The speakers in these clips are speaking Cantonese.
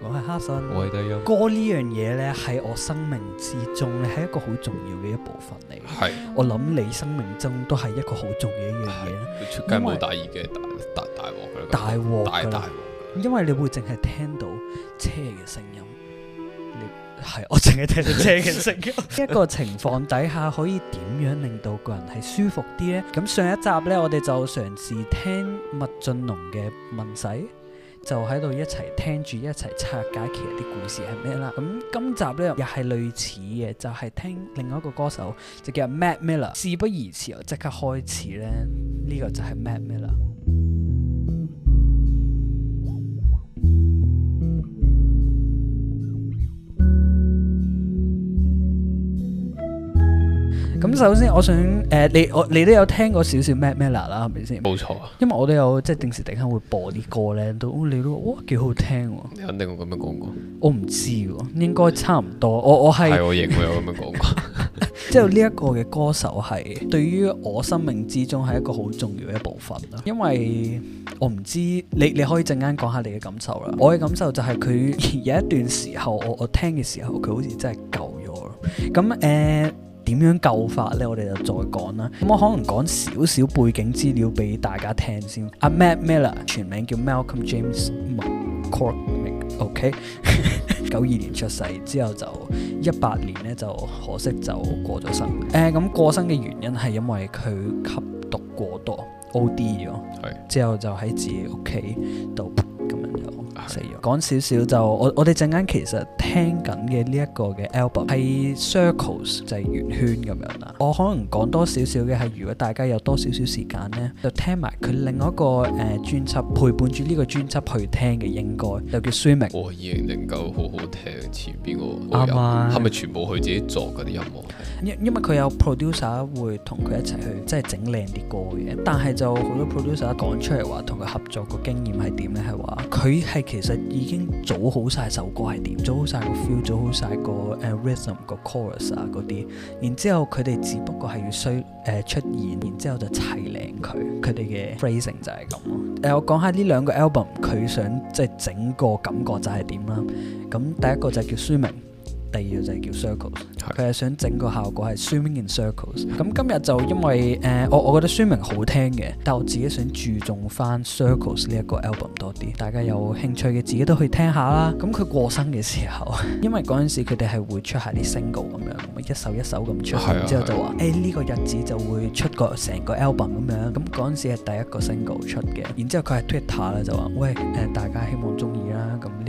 我係哈臣，歌呢樣嘢呢，喺我生命之中呢係一個好重要嘅一部分嚟。係是，我諗你生命中都係一個好重要一樣嘢。為出街冇戴耳機，大大大鑊，大鑊，大鑊。因為你會淨係聽到車嘅聲音，你係我淨係聽到車嘅聲音。 一個情況底下，可以點樣令到個人係舒服啲呢？咁上一集呢，我哋就嘗試聽麥浚龍嘅《問仔》。就喺度一齊聽住一齊拆解其實啲故事係咩啦？咁今集呢，又係類似嘅，就係、是、聽另外一個歌手，就叫 Mac Miller。事不宜遲，我即刻開始呢呢、這個就係 Mac Miller。咁首先我想，誒、呃、你我你都有聽過少少 Mac Miller 啦，係咪先？冇錯，因為我都有即係定時突然間會播啲歌咧，都、哦、你都哇幾好聽喎！你肯定我咁樣講過，我唔知喎，應該差唔多。我我係，我認喎，有咁樣講過。即係呢一個嘅歌手係對於我生命之中係一個好重要嘅一部分啦，因為我唔知你你可以陣間講下你嘅感受啦。我嘅感受就係佢有一段時候，我我聽嘅時候佢好似真係救咗。咁誒。呃點樣救法呢？我哋就再講啦。咁我可能講少少背景資料俾大家聽先。阿 Mac Miller 全名叫 Malcolm James McCormick，OK 九二年出世之後就一八年呢，就可惜就過咗身。誒咁過身嘅原因係因為佢吸毒過多，OD 咗，之後就喺自己屋企度咁樣。講少少就我我哋陣間其實聽緊嘅呢一個嘅 album 係 Circles 就係圓圈咁樣啦。我可能講多少少嘅係，如果大家有多少少時間呢，就聽埋佢另外一個誒、呃、專輯，陪伴住呢個專輯去聽嘅應該又叫 Swimming。我已經能夠好好聽前邊個，係咪的全部佢自己作嗰啲音樂？因因為佢有 producer 會同佢一齊去即係整靚啲歌嘅。但係就好多 producer 講出嚟話同佢合作個經驗係點呢？係話佢係。其實已經組好晒首歌係點，組好晒個 feel，組好晒個誒 rhythm、個 chorus 啊嗰啲，然之後佢哋只不過係要衰誒、呃、出現，然之後就砌靚佢，佢哋嘅 phrasing 就係咁咯。誒、呃，我講下呢兩個 album，佢想即係、就是、整個感覺就係點啦。咁第一個就係叫 Swimming。第二個就係叫 circles，佢係的想整個效果係 swimming in circles。咁今日就因為誒、呃，我我覺得 swimming 好聽嘅，但我自己想注重翻 circles 呢一個 album 多啲。大家有興趣嘅自己都可以聽下啦。咁佢、嗯、過身嘅時候，因為嗰陣時佢哋係會出下啲 single 咁樣，一首一首咁出，的然之後就話誒呢個日子就會出個成個 album 咁樣。咁嗰陣時係第一個 single 出嘅，然之後佢係 Twitter 啦，就話喂誒、呃、大家希望中。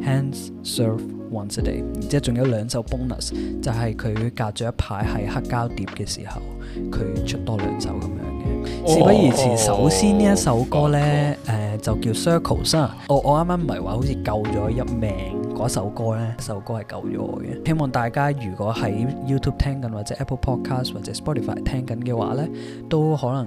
Hands serve once a day，然之後仲有兩首 bonus，就係佢隔咗一排喺黑膠碟嘅時候，佢出多兩首咁樣嘅。事不宜遲，哦、首先呢、哦、一首歌呢，誒、哦呃、就叫 Circles 啊！哦、我我啱啱唔係話好似救咗一命嗰首歌呢？首歌係救咗我嘅。希望大家如果喺 YouTube 聽緊或者 Apple Podcast 或者 Spotify 聽緊嘅話呢，都可能。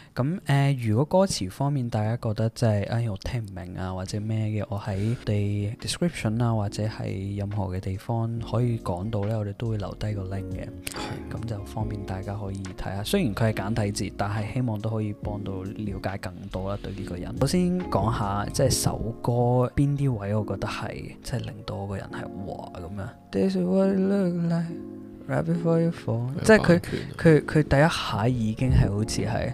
咁誒、呃，如果歌詞方面大家覺得即係，哎，我聽唔明啊，或者咩嘅，我喺地 description 啊，或者喺任何嘅地方可以講到咧，我哋都會留低個 link 嘅，咁 就方便大家可以睇下。雖然佢係簡體字，但係希望都可以幫到了解更多啦，對呢個人。 我先講下即係、就是、首歌邊啲位，我覺得係即係令到嗰個人係哇咁樣。This is what it looks like, right before you fall，即係佢佢佢第一下已經係好似係。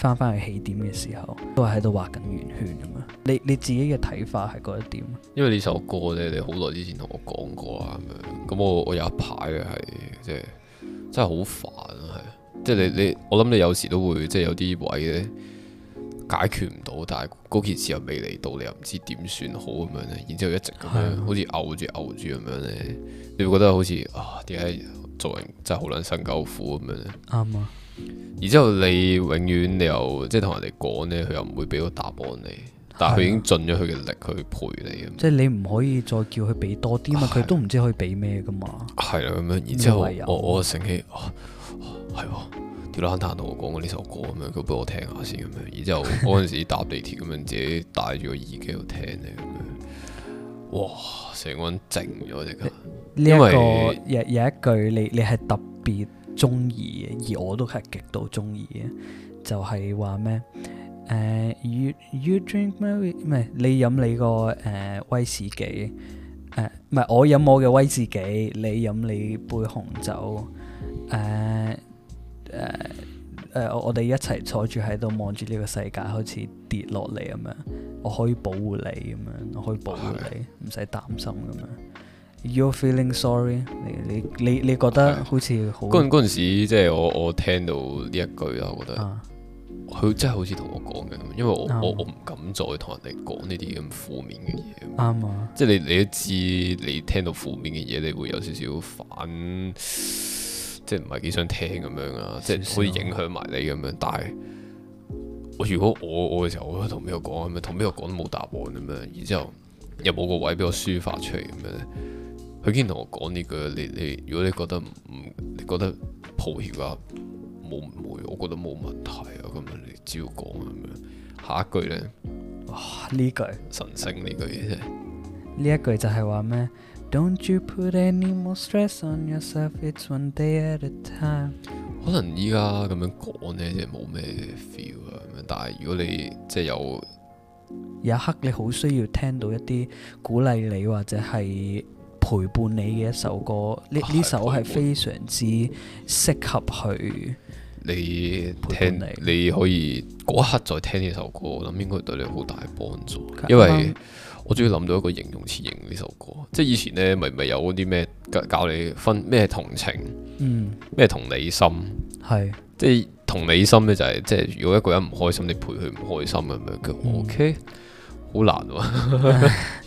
翻翻去起點嘅時候，都係喺度畫緊圓圈咁樣。你你自己嘅睇法係覺得點？因為呢首歌咧，你好耐之前同我講過啊咁樣。咁我我有一排嘅係，即係真係好煩啊，係即係你你，我諗你有時都會即係有啲位咧解決唔到，但係嗰件事又未嚟到，你又唔知點算好咁樣咧。然之後一直咁樣，啊、好似嘔住嘔住咁樣咧，你會覺得好似啊，點解做人真係好撚辛苦咁樣咧？啱啊。然之後你永遠、就是、你又即係同人哋講咧，佢又唔會俾個答案你，但係佢已經盡咗佢嘅力去陪你。即係的你唔可以再叫佢俾多啲嘛，佢的都唔知可以俾咩噶嘛。係啦，咁、啊啊、咁樣，然之後我我醒起，係喎，條爛攤同我講過呢首歌咁樣，佢俾我聽下先咁樣。然之後嗰陣時搭地鐵咁樣，自己戴住個耳機度聽咧咁樣。哇，成個人靜咗這為一個。因為有有一句你，你你係特別。中意嘅，而我都係極度中意嘅，就係話咩？誒、uh,，you you drink 咩？唔係你飲你個誒、uh, 威士忌，誒唔係我飲我嘅威士忌，你飲你杯紅酒，誒誒誒，我哋一齊坐住喺度望住呢個世界開始跌落嚟咁樣，我可以保護你咁樣，我可以保護你，唔使的擔心咁樣。You're feeling sorry？你你你你覺得好似好？嗰陣嗰陣時，即係我我聽到呢一句啊，我覺得佢、啊、真係好似同我講嘅，因為我、啊、我我唔敢再同人哋講呢啲咁負面嘅嘢。啱啊！即係你你都知，你聽到負面嘅嘢，你會有少少反，即係唔係幾想聽咁樣啊？即係可以影響埋你咁樣。少少但係我如果我我嘅時候我，我同邊個講啊？咩？同邊個講都冇答案咁樣，然之後又冇個位俾我抒發出嚟咁樣。佢竟然同我講呢句：你「你你如果你覺得唔、嗯，你覺得抱歉啊，冇唔會，我覺得冇問題啊。咁啊，你照講啊嘛。下一句咧，哇呢句，神聖呢句嘢啫。」呢一句就係話咩？Don't you put any more stress on yourself? It's one day at a time。可能依家咁樣講咧，即係冇咩 feel 啊。但係如果你即係有，有一刻你好需要聽到一啲鼓勵你或者係。陪伴你嘅一首歌，呢呢、啊、首係非常之適合去你聽，你可以嗰一刻再聽呢首歌，我諗應該對你好大幫助。好因為我終於諗到一個形容詞形容呢首歌，即係以前呢，咪咪有啲咩教你分咩同情，嗯，咩同理心，係、嗯、即係同理心呢、就係，就係即係如果一個人唔開心，你陪佢唔開心咪咪叫 OK。好難喎，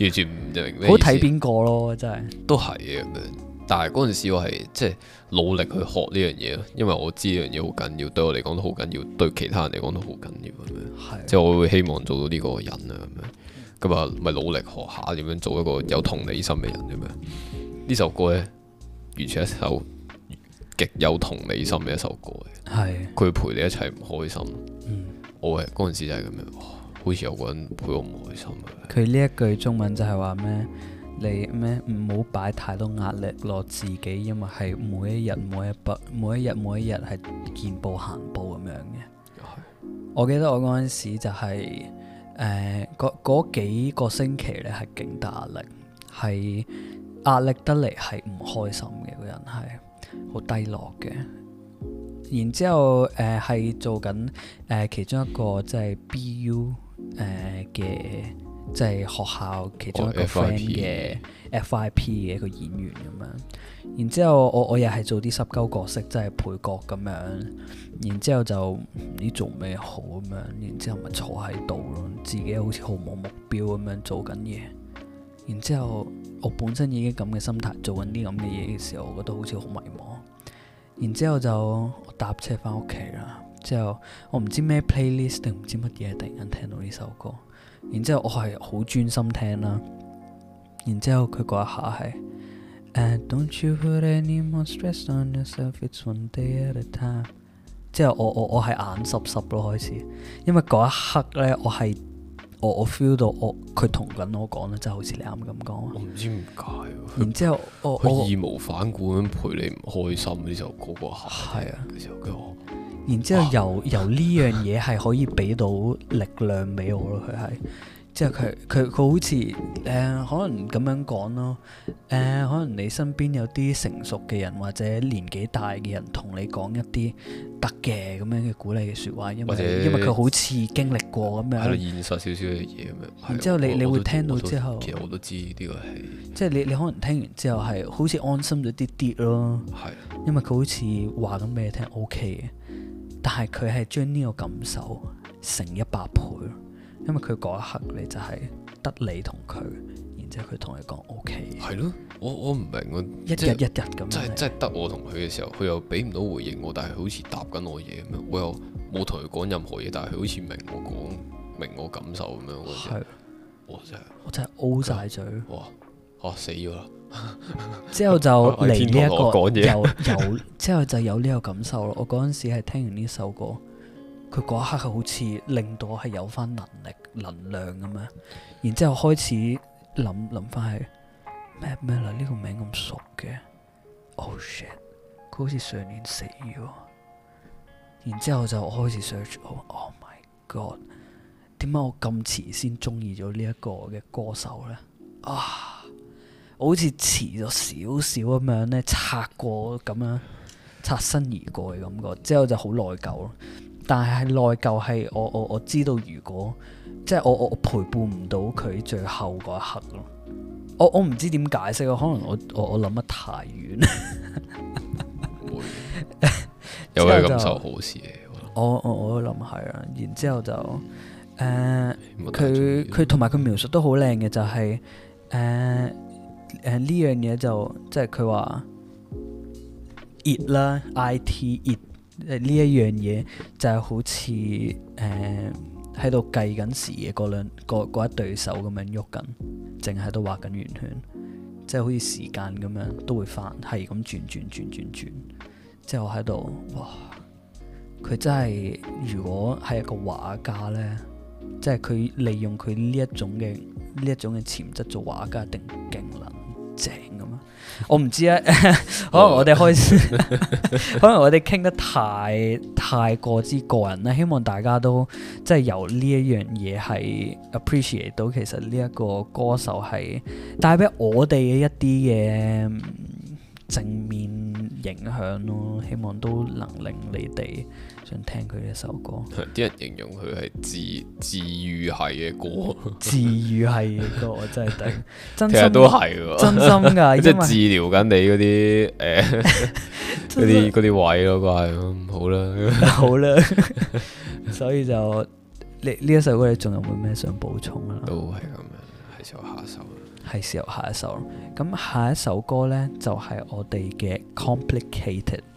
完全唔明。好睇邊個咯，真係。都係嘅，但係嗰陣時我係即係努力去學呢樣嘢咯，因為我知呢樣嘢好緊要，對我嚟講都好緊要，對其他人嚟講都好緊要咁樣。係。即係我會希望做到呢個人啊咁樣，咁啊咪努力學下點樣做一個有同理心嘅人咁樣。呢、嗯、首歌呢，完全一首極有同理心嘅一首歌。係。佢陪你一齊唔開心。嗯、我係嗰陣時就係咁樣。好似有個人陪我唔開心。佢呢一句中文就係話咩？你咩，唔好擺太多壓力落自己，因為係每一日、每一步、每一日、每一日係見步行步咁樣嘅。的我記得我嗰陣時就係誒，嗰嗰幾個星期咧係勁大壓力，係壓力得嚟係唔開心嘅，個人係好低落嘅。然之後誒係、呃、做緊誒、呃、其中一個即係 BU。誒嘅、呃，即係學校其中一個 friend 嘅 FIP 嘅一個演員咁樣，然之後我我又係做啲濕鳩角色，即係配角咁樣，然之後就唔知做咩好咁樣，然之後咪坐喺度咯，自己好似好冇目標咁樣做緊嘢，然之後我本身已經咁嘅心態做緊啲咁嘅嘢嘅時候，我覺得好似好迷茫，然之後就搭車翻屋企啦。之後我唔知咩 playlist 定唔知乜嘢，突然間聽到呢首歌，然之後我係好專心聽啦。然之後佢嗰一下係，uh，Don't you put any more stress on yourself? It's one day at a time。即係我我我係眼濕濕咯開始，因為嗰一刻咧，我係我我 feel 到我佢同緊我講咧，即係好似你啱咁講。我唔知點解。然之後佢義無反顧咁陪你唔開心呢首歌嗰下。係啊。嗰時然之後由哇由呢樣嘢係可以俾到力量俾我、哦呃、咯，佢、呃、係，即係佢佢佢好似誒可能咁樣講咯，誒可能你身邊有啲成熟嘅人或者年紀大嘅人同你講一啲得嘅咁樣嘅鼓勵嘅説話，因為者因為佢好似經歷過咁樣，現實、呃、少少嘅嘢咁樣。然之後你我你會聽到之後，其實我都知呢個係，即係你你，你可能聽完之後係好似安心咗啲啲咯，係的，因為佢好似話緊咩聽 OK 嘅。但係佢係將呢個感受成一百倍，因為佢嗰一刻你就係得你同佢，然之後佢同你講 O K。係咯，我我唔明啊，即一日一日咁是你，即係即係得我同佢嘅時候，佢又俾唔到回應我，但係好似答緊我嘢咁樣，我又冇同佢講任何嘢，但係佢好似明我講明我感受咁樣，的我真係我真係 O 晒嘴，哇吓、啊、死咗啦！ 之後就嚟呢一個又有之後就有呢個感受咯。我嗰陣時係聽完呢首歌，佢嗰一刻好似令到我係有翻能力能量咁樣。然之後開始諗諗翻係咩咩啦，呢個名咁熟嘅。Oh shit！佢好似上年死咗。然之後就開始 search，Oh my God！點解我咁遲先中意咗呢一個嘅歌手呢？」啊！好似遲咗少少咁樣咧，擦過咁樣，擦身而過嘅感覺，之後就好內疚咯。但係係內疚係我我我知道如果，即係、就是、我我我陪伴唔到佢最後嗰一刻咯。我我唔知點解釋咯，可能我我我諗得太遠。會有咩感受？好似我我我諗係啊，然之後就誒佢佢同埋佢描述都好靚嘅，就係、是、誒。呃誒呢樣嘢就即係佢話 it 啦，I T 呢一樣嘢就係好似誒喺度計緊時嘅嗰兩嗰一對手咁樣喐緊，淨喺度畫緊圓圈，即係好似時間咁樣都會翻，係咁轉轉轉轉轉，即係我喺度哇！佢真係如果係一個畫家咧，即係佢利用佢呢一種嘅呢一種嘅潛質做畫家，一定勁能。正咁啊！我唔知咧，啊，可能我哋開始， 可能我哋傾得太太過之個人啦。希望大家都即係由呢一樣嘢係 appreciate 到，其實呢一個歌手係帶俾我哋嘅一啲嘅正面影響咯。希望都能令你哋。想聽佢呢首歌，啲人形容佢係治治愈系嘅歌，治愈系嘅歌我真係頂， 真心其實都係，真心噶， 即係治療緊你嗰啲誒嗰啲嗰啲位咯，怪好啦，好啦， 好了 所以就呢呢一首歌你仲有冇咩想補充啊？都係咁樣，係時候下一首，係時候下一首，咁下一首歌咧就係、是、我哋嘅 Complicated。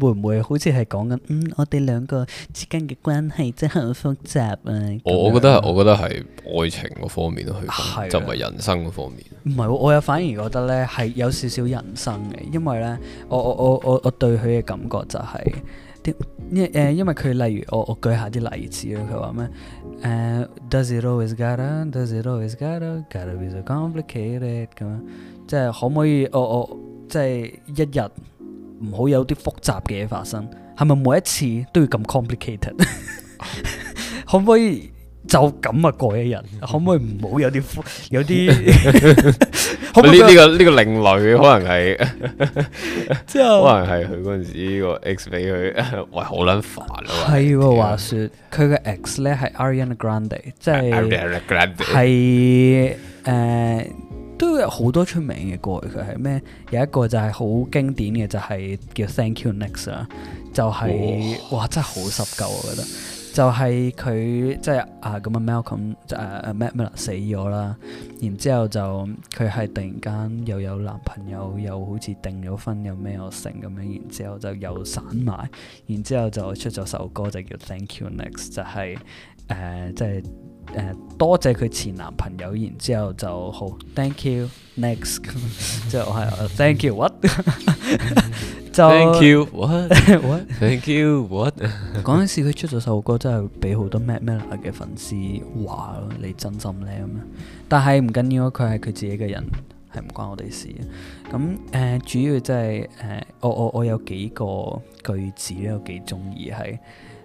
會唔會好似係講緊，嗯，我哋兩個之間嘅關係真係好複雜啊？我我覺得，我覺得係愛情嗰方面去，的就唔係人生嗰方面。唔係，我又反而覺得咧係有少少人生嘅，因為咧我我我我我對佢嘅感覺就係、是，因為佢例如我我舉下啲例子，佢話咩誒，Does it always gotta？Does it always gotta？gotta be so complicated 咁，即係可唔可以？我我即係一日。唔好有啲複雜嘅嘢發生，係咪每一次都要咁 complicated？ 可唔可以就咁啊過一日？可唔可以唔好有啲複有啲？呢 呢， 這個呢，這個另類，可能係，之 後就可能係佢嗰陣時個 ex 俾佢，喂好撚煩啊！係喎，話說佢個 ex 咧係 Ariana Grande，即係 Ariana Grande 係誒。都有好多出名嘅歌，佢係咩？有一個就係好經典嘅，就係、係叫《Thank You Next》啦，就係，哦，就係哇真係好濕鳩我覺得。就係佢即係啊咁啊 Malcolm 誒 Mac Miller 死咗啦，然之後就佢係突然間又有男朋友，又好似定咗婚又咩又成咁樣，然之後就又散埋，然之後就出咗首歌就叫《Thank You Next》就係，uh, 就係，就係誒即係。誒，uh, 多謝佢前男朋友，然之後就好，thank you next，之後我係 thank you what，thank you what? what? thank you what，嗰 陣 時佢出咗首歌真，真係俾好多 Mac Miller 嘅粉絲話你真心咧，咁啊，但係唔緊要佢係佢自己嘅人，係唔關我哋事咁。誒、呃，主要即係誒，我我我有幾個句子有幾中意係。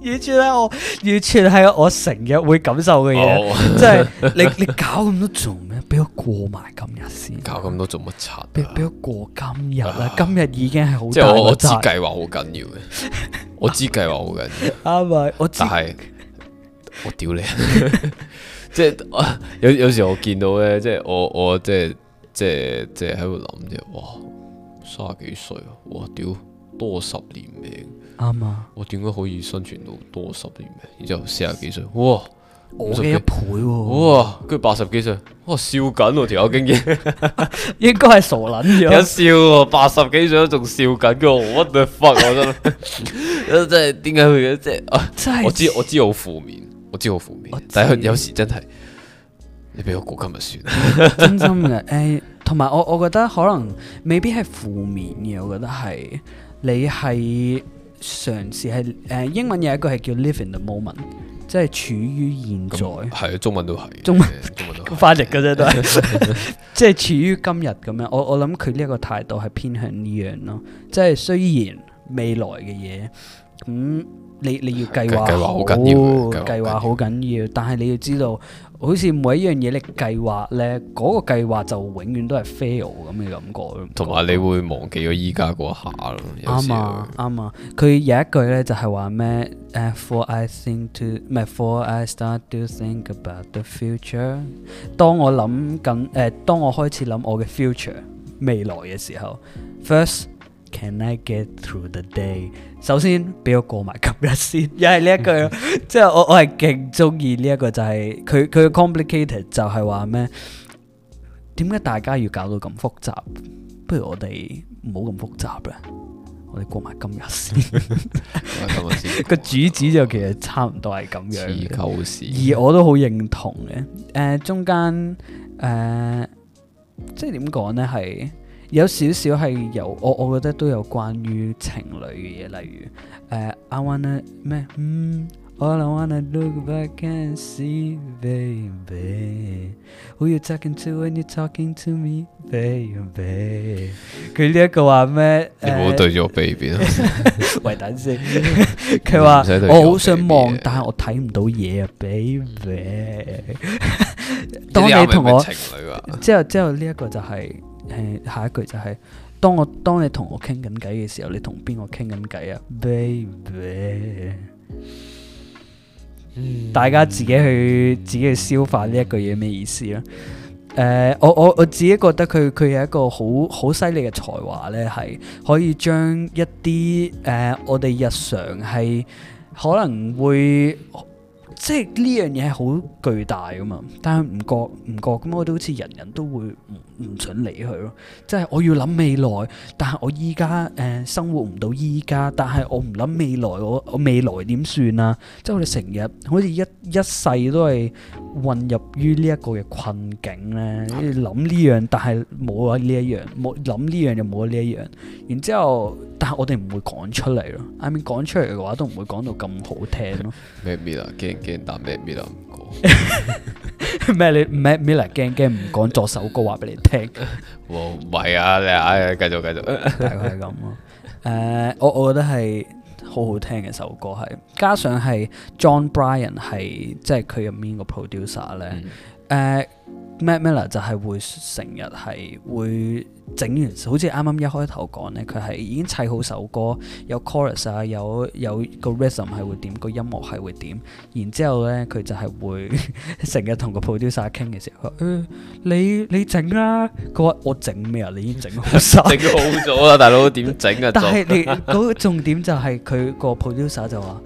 完全係我，完全係我成日會感受嘅嘢，Oh. 即係你你搞咁多， 多做咩？啊，俾我過埋今日先，搞咁多做乜柒？俾俾我過今日啦，今日已經係好即係我我知計劃好緊要嘅，我知計劃好緊要。啱咪？ 我知 但係我屌你， 即係、啊、有有，有時我見到咧，即係我我，我即係即係即係喺度諗啫，哇，卅幾歲啊，哇屌多十多多年命。啱啊！我點解可以生存到多十年嘅？然之後四廿幾歲，哇，我嘅一倍喎、啊！哇，佢八十幾歲，哇笑緊我條友竟然，應該係傻捻嘅。一笑，八十幾歲仲笑緊嘅， 我真係佛我真係，真係點解會嘅？即係，我知我知，好負面，我知好負面，我知但係有時真係你俾我過今日算， 真心嘅。誒、欸，同埋我，我覺得可能未必係負面嘅，我覺得係你係。你嘗試係，誒、呃、英文有一個係叫 live in the moment，即係處於現在。係啊、嗯，中文都係中文。 中文都翻譯嘅啫，都係 即係處於今日咁樣。我我諗佢呢一個態度係偏向呢樣咯，即係雖然未來嘅嘢。咁、嗯、你你要計劃好，計劃好緊要，計劃好緊要，計劃好緊要，但係你要知道，嗯、好似每一樣嘢你計劃咧，嗰、嗰個計劃就永遠都係 fail 咁嘅感覺。同埋你會忘記咗依家嗰下咯，啱啊啱啊！佢了了有一句咧就係話咩？誒，Before I think to 咩 before I start to think about the future。當我諗緊誒，當我開始諗我嘅 future 未來嘅時候，first can I get through the day？首先俾我過埋今日先，又係呢一句， 即係我我係勁中意呢一個，就係、是、佢佢嘅 complicated 就係話咩？點解大家要搞到咁複雜？不如我哋唔好咁複雜啦，我哋過埋今日先。個 主旨就其實差唔多係咁樣。而我都好認同嘅，誒、呃、中間誒、呃、即係點講咧係。有少少係有，我我覺得都有關於情侶嘅嘢，例如誒 I wanna 咩？嗯，I wanna look back and。See baby, who you talking to when you talking to me, baby？佢呢一個話咩？你唔好對住我 baby 啊！喂，等先。佢話我好想望，但係我睇唔到嘢，Baby。當你同我之後，之後呢一個就係。下一句就係、是，當我當你同我傾緊偈嘅時候，你同邊個傾緊偈啊，baby？嗯、大家自己去、嗯、自己去消化呢一句嘢咩意思啦。誒、呃，我我我自己覺得佢佢係一個好好犀利嘅才華咧，係可以將一啲誒、呃、我哋日常係可能會即係呢樣嘢係好巨大噶嘛，但係唔覺唔覺咁，我覺得好似人人都會。唔准理佢咯，即係我要諗未來，但係我依家誒生活唔到依家，但係我唔諗未來，我我未來點算啊？即係我哋成日好似一一世都係混入於呢一個嘅困境咧，諗呢樣，但係冇咗呢一樣，冇諗呢樣就冇咗呢一樣。然之後，但係我哋唔會講出嚟咯，I mean 講出嚟嘅話都唔會講到咁好聽咯。 咩你咩 Miller，驚驚唔講作首歌話俾你聽？唔係啊，你啊繼續繼續，大概係咁咯。誒，我我覺得係好好聽嘅首歌，係加上係 John Bryan 係即係佢入面個 producer 咧。嗯誒、uh，Mac Miller 就係會成日係會整完，好似啱啱一開頭講咧，佢係已經砌好首歌，有 chorus 啊，有有個 rhythm 係會點，個音樂係會點，然之後咧佢就係會成 日同個 producer 傾嘅時候，呃、你你整啦，啊，佢話我整咩啊？你已經整好曬，整 好咗啦，大佬點整啊？ 但係你，嗰個重點就係、是、佢個 producer 就話呢，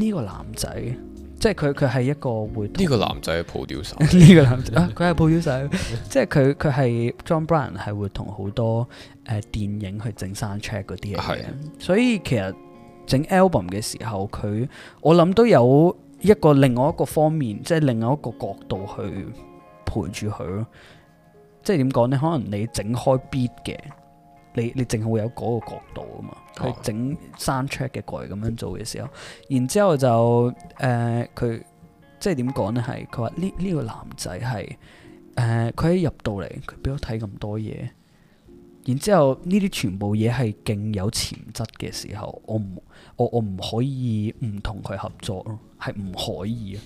呢個男仔。即係佢佢係一個會呢個男仔係抱雕手，呢 個男仔啊佢係抱雕手， 即係佢佢係 Jon Brion 係會同好多誒電影去整 soundtrack 嗰啲嘢，係啊的，所以其實整 album 嘅時候，佢我諗都有一個另外一個方面，即係另外一個角度去陪住佢咯。即係點講咧？可能你整開 beat 嘅。你你淨係會有嗰個角度啊嘛，佢整 soundcheck 嘅蓋咁樣做嘅時候，然之後就誒佢、呃、即係點講呢？係佢話呢，呢個男仔係誒佢一入到嚟，佢、呃、俾我睇咁多嘢，然之後呢啲全部嘢係勁有潛質嘅時候，我唔我我唔可以唔同佢合作咯，係唔可以啊！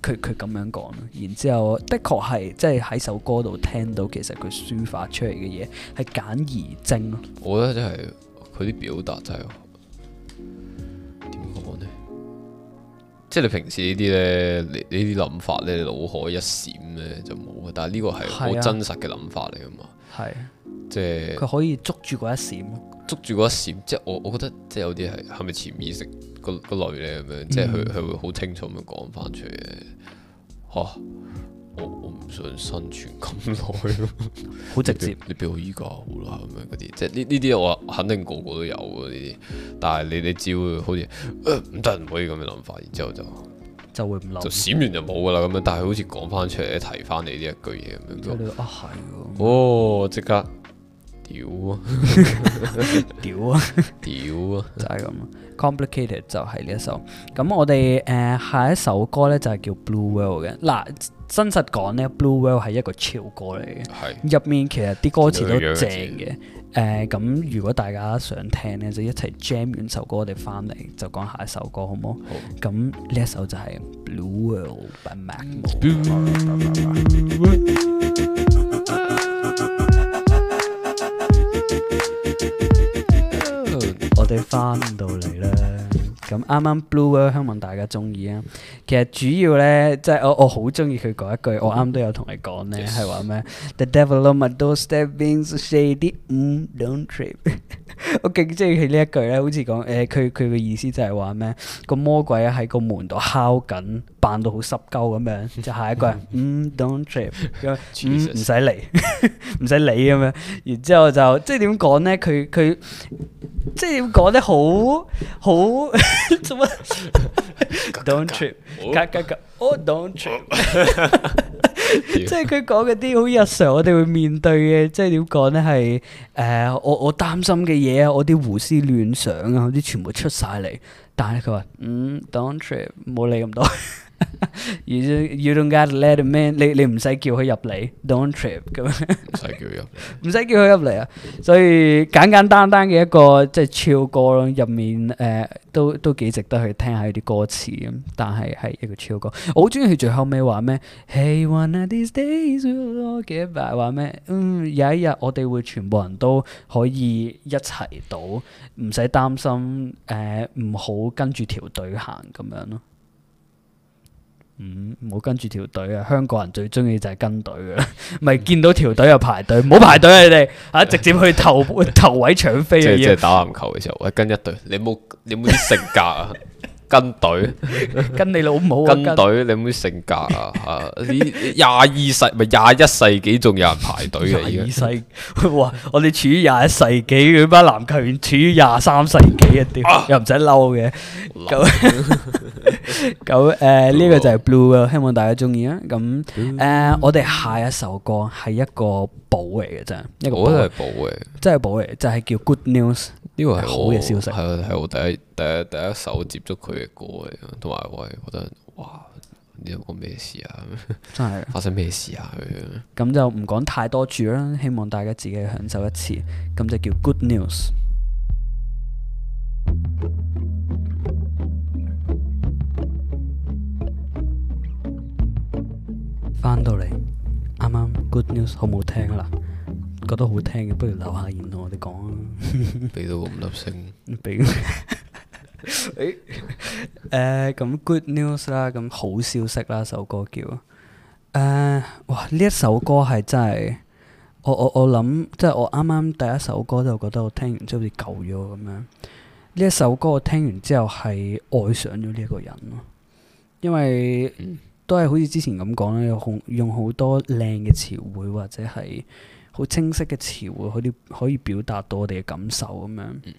佢佢咁樣講，然之後的確係即係喺首歌度聽到，其實佢抒發出嚟嘅嘢係簡而精咯。我覺得真係佢啲表達真係點講呢？即係你平時呢啲咧，你呢啲諗法咧，腦海一閃咧就冇。但係呢個係好真實嘅諗法嚟噶嘛？係即係佢可以捉住嗰一閃，捉住嗰一閃，即係我我覺得即係有啲係係咪潛意識？個個女咧咁樣，即係佢佢會好清楚咁講翻出嚟。吓、啊，我我唔想生存咁耐咯。好 直接，你俾我依家好啦咁樣嗰啲，即係呢呢啲我肯定個個都有嘅呢啲。但係你你只要好似唔得，唔、啊、可以咁嘅諗法，然之後就就會唔諗，就閃完就冇噶啦咁樣。但係好似講翻出嚟，提翻你呢一句嘢咁樣。啊係，哦，即刻，屌啊， 屌啊，屌啊， 就係咁啊。Complicated 就係呢一首，咁我哋誒，下一首歌咧就係叫 Blue World 嘅。嗱，真實講咧，Blue World 係一個超歌嚟嘅，入面其實啲歌詞都正嘅。誒，咁如果大家想聽咧，就一齊 Jam 完首歌，我哋翻嚟就講下一首歌，好冇？咁呢一首就係 Blue World by Mac Miller。我哋翻到嚟。咁啱啱 Blue 啊，希望大家中意啊。其實主要咧，即係我我好中意佢講一句，嗯、我啱都有同你講咧，係話咩？The devil on my doorstep means shady 五、mm, don't trip。我勁中意佢呢一句咧，好似講誒，佢佢嘅意思就係話咩？個魔鬼喺個門度敲緊。扮到好濕鳩咁樣，就下一個人嗯，嗯，嗯，don't trip 唔使、 嗯、理唔使 理咁樣，然之後就即係點講咧？佢佢即係點講咧？好好做乜 ？don't t r i p g oh don't trip，即係佢講嗰啲好日常，我哋會面對嘅，即係點講咧？係誒、呃，我我擔心嘅嘢啊，我啲胡思亂想啊，啲全部出晒嚟，但係佢話嗯，don't trip，冇理咁多。 You don't get let man，你你唔使叫佢入嚟，don't trip 咁 樣。唔使叫佢入嚟，唔使叫佢入嚟啊！所以簡簡單單嘅一個即係超歌咯，入面誒都都幾值得去聽一下佢啲歌詞咁。但係係一個超歌，我好中意佢最後尾話咩？Hey one of these days，佢係話咩？嗯，有一日我哋會全部人都可以一齊到，唔使擔心誒，唔、呃、好跟住條隊行咁樣咯。唔好、嗯、跟住條隊啊！香港人最中意就係跟隊嘅，咪 見到條隊又排隊，唔好 排隊啊！你哋吓、啊、直接去頭 頭位搶飛啊！即係、即係即係、打籃球嘅時候，我 跟一隊，你冇你冇啲性格啊！ 跟隊， 跟你老母跟隊，你有冇性格啊？廿二世咪廿一世紀仲有人排隊嘅已經。廿二世，我哋處於廿一世紀，嗰班籃球員處於廿三世紀 啊！屌，又唔使嬲嘅。咁咁誒，呢個就係 Blue 啊！希望大家中意啊！咁誒、呃，我哋下一首歌係一個寶嚟嘅真係，一個寶嚟寶嚟，真係寶嚟，就係、是、叫 Good News。呢個係好嘅消息，係係我第一第一第一首接觸佢嘅歌嚟，同埋我係覺得哇，呢個咩事啊？真係 發生咩事啊？咁就唔講太多住啦，希望大家自己享受一次，咁就叫 Good News。翻到嚟，啱啱 Good News 好冇聽啦。覺得好聽嘅，不如留下言同我哋講啊！俾到五粒星，俾誒咁 good news 啦，咁、嗯、好消息啦，首歌叫誒、呃、哇！呢一首歌係真係我我我諗，即、就、係、是、我啱啱第一首歌就覺得我聽完之後好似夠咗咁樣。呢一首歌我聽完之後係愛上咗呢一個人咯，因為、嗯嗯、都係好似之前咁講咧，用用好多靚嘅詞彙或者係，好清晰嘅詞彙，佢啲可以表達到我哋嘅感受咁樣。嗯、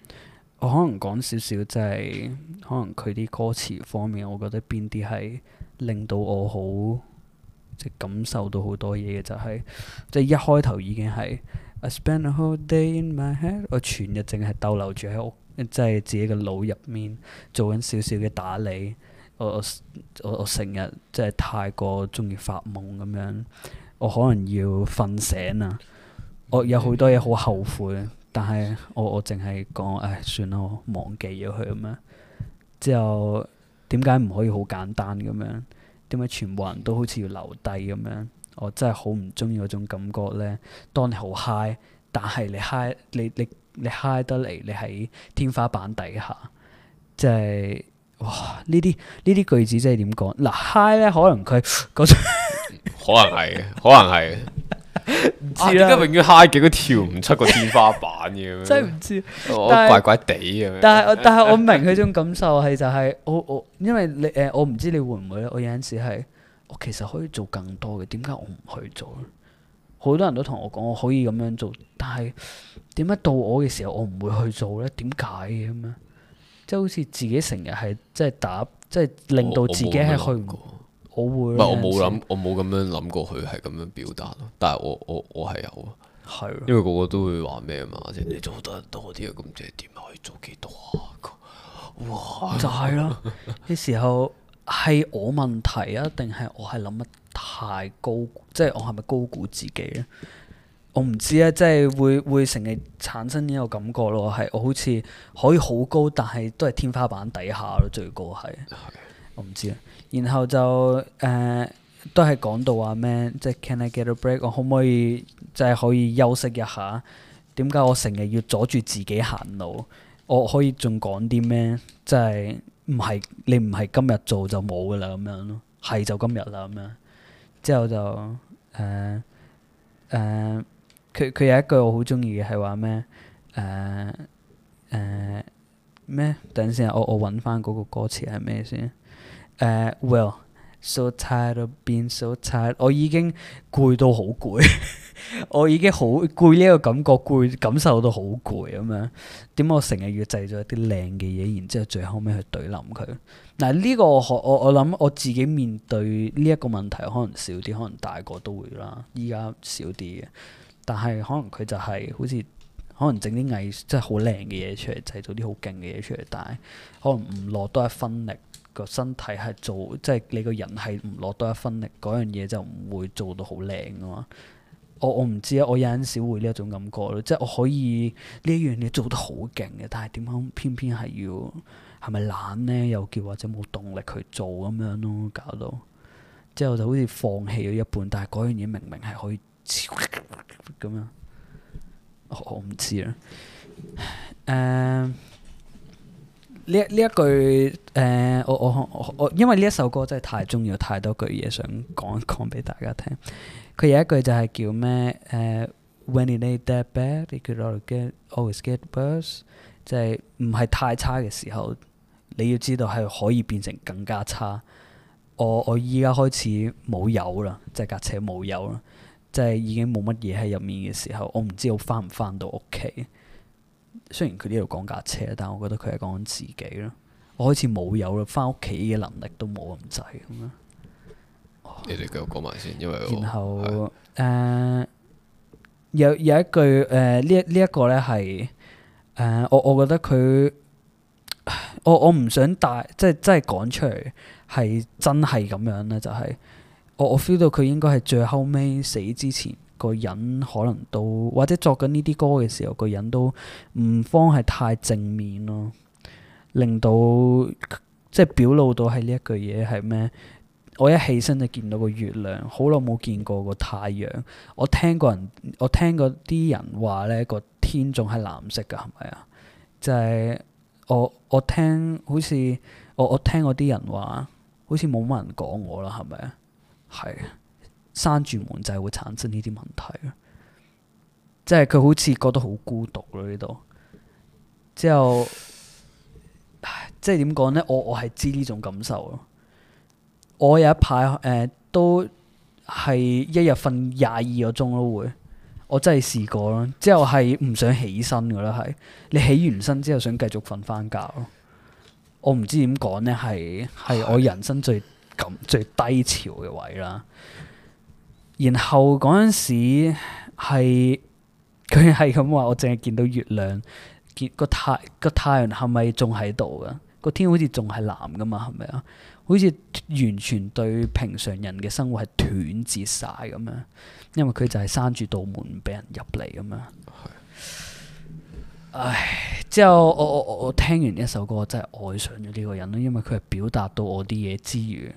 我可能講少少，即係可能佢啲歌詞方面，我覺得邊啲係令到我好即係、就是、感受到好多嘢嘅，就係即係一開頭已經係 I spent a whole day in my head，我全日淨係逗留住喺屋，即、就、係、是、自己嘅腦入面做緊少少嘅打理。我我我成日即係太過鍾意發夢咁樣，我可能要瞓醒啊。我有好多嘢好後悔，但係我我淨係講唉，算啦，我忘記咗佢咁樣。之後點解唔可以好簡單咁樣？點解全部人都好似要留低咁樣？我真係好唔中意嗰種感覺咧。當你好嗨，但係你嗨，你你你嗨得嚟，你喺天花板底下，即係，哇！呢啲呢啲句子真係點講？嗱，嗨咧，可能佢嗰種， 可能係，可能係唔知啦，點、啊、永遠嗨 i 都跳唔出個天花板嘅？ 真係唔知是、哦，怪怪地咁樣。但係，但係我明佢種感受係就係、是，我我因為你誒、呃，我唔知你會唔會咧。我有陣時係，我其實可以做更多嘅，點解我唔去做咧？好多人都同我講，我可以咁樣做，但係點解到我嘅時候，我唔會去做咧？點解咁樣？即、就、係、是、好似自己成日係，即、就、係、是、打，即、就、係、是、令到自己係去唔。我會唔係我冇諗，我冇咁樣諗過佢係咁樣表達咯。但係我我我係有，係的因為個個都會話咩嘛，或者你做得多啲啊，咁即係點可以做幾多啊？哇！就係咯，呢 時候係我問題啊，定係我係諗得太高？即係我係咪高估自己咧？我唔知咧，即係會會成日產生呢個感覺咯，係我好似可以好高，但係都係天花板底下咯，最高係。Okay. 我唔知啦，然後就誒、呃、都係講到話咩，即係 Can I get a break？我可唔可以即係可以休息一下？點解我成日要阻住自己行路？我可以仲講啲咩？即係唔係你唔係今日做就冇噶啦咁樣咯？係就今日啦咁樣。之後就誒誒，佢、呃、佢、呃、有一句我好中意嘅係話咩？誒誒咩？等陣先我我搵翻嗰個歌詞係咩先？誒 well，so tired of being so tired，我已經攰到好攰， 我已經好攰呢個感覺，攰感受到好攰咁樣。點解我成日要製造一啲靚嘅嘢，然之後最後尾去對冧佢。嗱，呢個我我我諗我自己面對呢一個問題可能少啲，可能大個都會啦。依家少啲嘅，但係可能佢就係、是、好似可能整啲藝，即係好靚嘅嘢出嚟，製造啲好勁嘅嘢出嚟，但係可能唔落多一分力。個身體係做，即係你個人係唔攞多一分力，嗰樣嘢就唔會做到好靚噶嘛。我我唔知啊，我有陣時會呢一種感覺咯，即係我可以呢樣嘢做得好勁嘅，但係點樣偏偏係要係咪懶呢？又叫或者冇動力去做咁樣咯，搞到之後就好似放棄咗一半，但係嗰樣嘢明明係可以咁、嗯、樣，我唔知啊。嗯、呃。呢一呢一句誒、呃，我我我我，因為呢一首歌真係太重要，太多句嘢想講一講俾大家聽。佢有一句就係叫咩誒、呃、When it ain't that bad, it could always get worse，即係唔係太差嘅時候，你要知道係可以變成更加差。我我依家開始冇油啦，即係架車冇油啦，即、就、係、是、已經冇乜嘢喺入面嘅時候，我唔知我翻唔翻到屋企。雖然佢呢度講架車，但係我覺得佢係講緊自己咯。我開始冇有啦，翻屋企嘅能力都冇咁滯咁樣，你哋繼續講埋先，因為然後誒是、呃、有有一句誒呢一呢一個咧係誒我我覺得佢我我唔想帶即係即係講出嚟係真係咁樣咧，就係、是、我我 feel 到佢應該係最後尾死之前。個人可能都或者作緊呢啲歌嘅時候，個人都唔方係太正面咯，令到即係表露到喺呢一句嘢係咩？我一起身就見到個月亮，好耐冇見過個太陽。我聽過人，我聽過啲人話咧，個天仲係藍色噶係咪啊？就係我我聽好似我我聽啲人話，好似冇乜人講我啦，係咪啊？係。閂住門就係會產生呢啲問題咯，即係佢好似覺得好孤獨咯呢度，之後即係點講咧？我我係知呢種感受咯，我有一排誒、呃、都係一日瞓廿二個鐘咯會，我真係試過咯，之後係唔想起身噶啦係，你起完身之後想繼續瞓翻覺咯，我唔知點講咧，係係我人生最感最低潮嘅位啦。然後嗰陣時係佢係咁話，我淨係見到月亮，見個太個太陽係咪仲喺度噶？個天好似仲係藍噶嘛，係咪啊？好似完全對平常人嘅生活係斷絕晒咁樣，因為佢就係閂住道門俾人入嚟咁樣。唉，之後我我我，我聽完呢首歌，我真係愛上咗呢個人咯，因為佢係表達到我啲嘢之餘，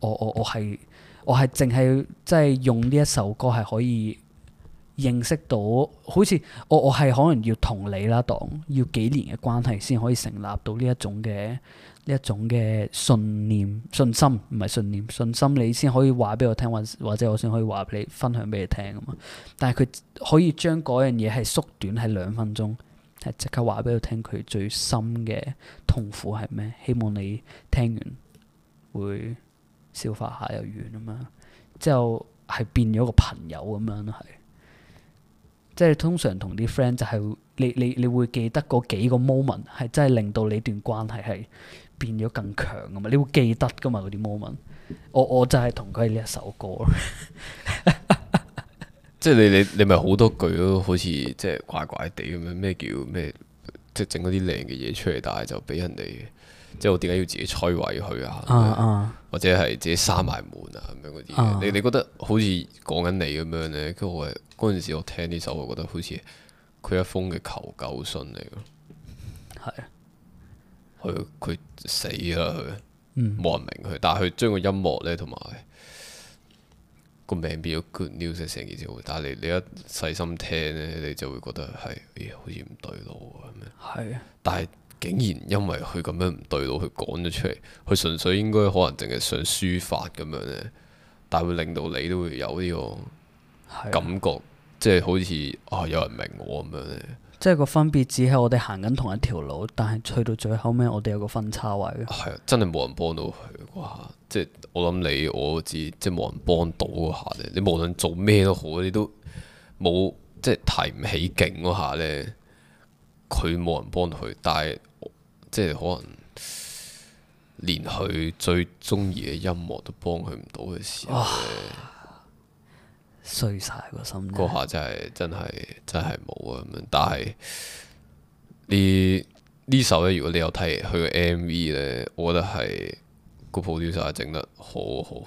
我我我係。我係淨係即係用呢一首歌係可以認識到，好似我我係可能要同你啦，當要幾年嘅關係先可以成立到呢一種嘅呢一種嘅信念信心，唔係信念信心，你先可以話俾我聽，或或者我先可以話俾你分享俾你聽啊嘛。但係佢可以將嗰樣嘢係縮短係兩分鐘，係即刻話俾我聽佢最深嘅痛苦係咩？希望你聽完會消化下又完啊嘛，之後係變咗個朋友咁樣咯，係。即係通常同啲 friend 就係你你你會記得嗰幾個 moment 係真係令到你段關係係變咗更強啊嘛，你會記得噶嘛嗰啲 moment。我我就係同佢係呢一首歌。 即係你你你咪好多句都好似即係怪怪地咁樣，咩叫咩？即係整嗰啲靚嘅嘢出嚟，但係就俾人哋。即係我點解要自己摧毀佢啊？啊啊！Uh, uh. 或者係自己閂埋門啊咁樣嗰啲嘢。啊、你你覺得好似講緊你咁樣呢？跟住我係嗰陣時，我聽呢首，我覺得好似佢一封嘅求救信嚟咯。係啊是，佢佢死啦佢，冇、嗯、人明佢，但係佢將個音樂呢，同埋個名變咗 Good News，成件事會，但係你你一細心聽呢，你就會覺得係咦、哎、好似唔對路咁樣。係啊是，但係。竟然因為佢咁樣唔對路，佢講咗出嚟，佢純粹應該可能淨係想抒發咁樣咧，但會令到你都會有呢個感覺，啊、即係好似啊有人明我咁樣咧。即係個分別只係我哋行緊同一條路，嗯、但係去到最後尾，我哋有個分叉位。係啊，啊，真係冇人幫到佢哇！即係我諗你，我知即係冇人幫到下咧。你無論做咩都好，你都冇即係提唔起勁嗰下呢，佢冇人幫到佢，但係。即係可能連佢最中意嘅音樂都幫佢唔到嘅時候，碎晒個心。嗰下真係真係真係冇啊！咁樣，但係呢呢首咧，如果你有睇佢嘅 MV 咧，我覺得係個 production 係整得好好。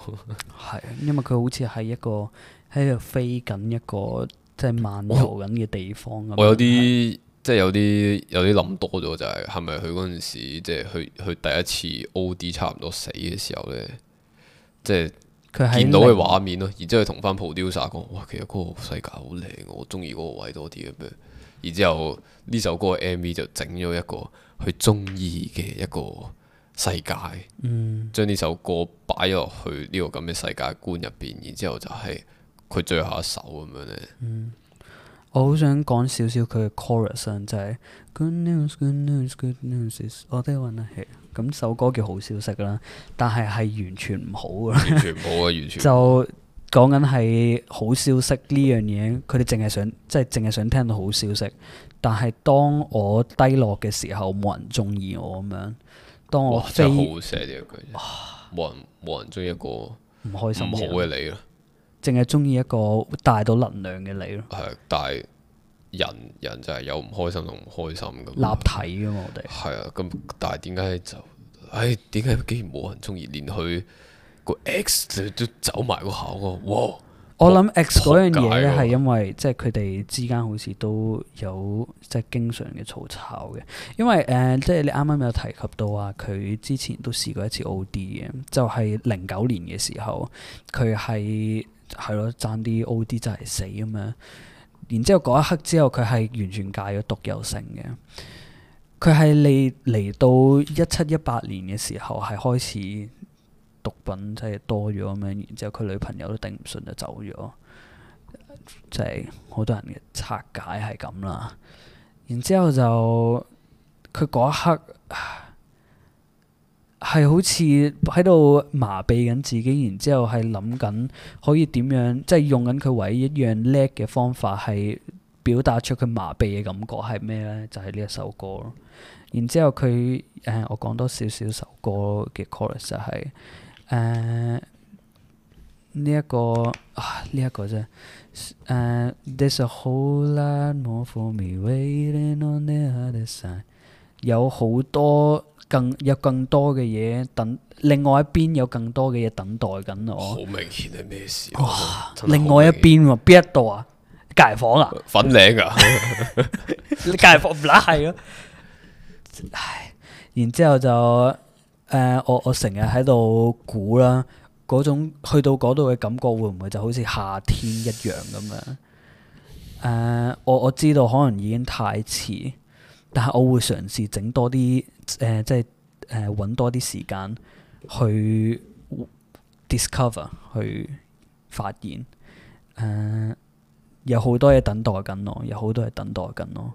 係啊，因為佢好似係一個喺度飛緊一個即係漫遊緊嘅地方啊！我有啲。即係有啲有啲諗多咗就係係咪佢嗰陣時即係去去第一次 OD 差唔多死嘅時候呢？即係見到嘅畫面咯，然之後同翻普迪烏莎講，哇，其實嗰個世界好靚，我中意嗰個位多啲咁樣，然之後呢首歌嘅 MV 就整咗一個佢中意嘅一個世界，將呢、嗯、首歌擺落去呢個咁嘅世界觀入邊，然之後就係佢最後一首咁樣咧。嗯我好想講少少佢嘅 chorus 就係 good news，good news，good news is，我哋揾得起。咁首歌叫好消息啦，但係係完全唔好嘅。完全唔好啊！完全 就講緊係好消息呢樣嘢，佢哋淨係想即係淨係想聽到好消息。但係當我低落嘅時候，冇人中意我咁樣。當我即係好寫呢句，冇、啊、人冇人中意一個唔開心嘅你啦。啊淨係中意一個帶到能量嘅你咯，係但人，人就係有唔開心同唔開心咁立體噶嘛，我哋係啊，咁但係點解就，唉、哎，點解竟然冇人中意連佢個 X 都走埋個口啊？我諗 X 嗰樣嘢咧係因爲即係佢哋之間好似都有即係、就是、經常嘅嘈吵嘅，因為誒即係你啱啱有提及到話佢之前都試過一次 OD 嘅，就係零九年嘅時候佢係。係咯，爭啲 o d 真係死咁樣。然之後嗰一刻之後，佢係完全戒咗毒有性嘅。佢係嚟嚟到一七一八年嘅時候，係開始毒品即係多咗咁樣。然之後佢女朋友都頂唔順就走咗，即係好多人嘅拆解係咁啦。然之後就佢嗰一刻。係好似喺度麻痹緊自己，然之後係諗緊可以點樣，即係用緊佢唯一一樣叻嘅方法，係表達出佢麻痹嘅感覺係咩呢？就係呢一首歌咯。然之後佢誒、呃，我講多少少首歌嘅 chorus 就係誒呢一個啊、呢一個啫。呃，There's a whole lot more for me waiting on the other side 有好多更有更多嘅嘢等，另外一邊有更多嘅嘢等待緊我。好明顯係咩事、啊？哇！另外一邊喎，邊一度啊？隔房啊？粉嶺啊？隔房唔啦係咯。唉，然之後就誒、呃，我我成日喺度估啦，嗰種去到嗰度嘅感覺會唔會就好似夏天一樣咁樣？誒、呃，我我知道可能已經太遲。但係我會嘗試整多啲誒、呃，即係誒揾多啲時間去 discover，去發現誒、呃、有好多嘢等待緊我，有好多嘢等待緊我。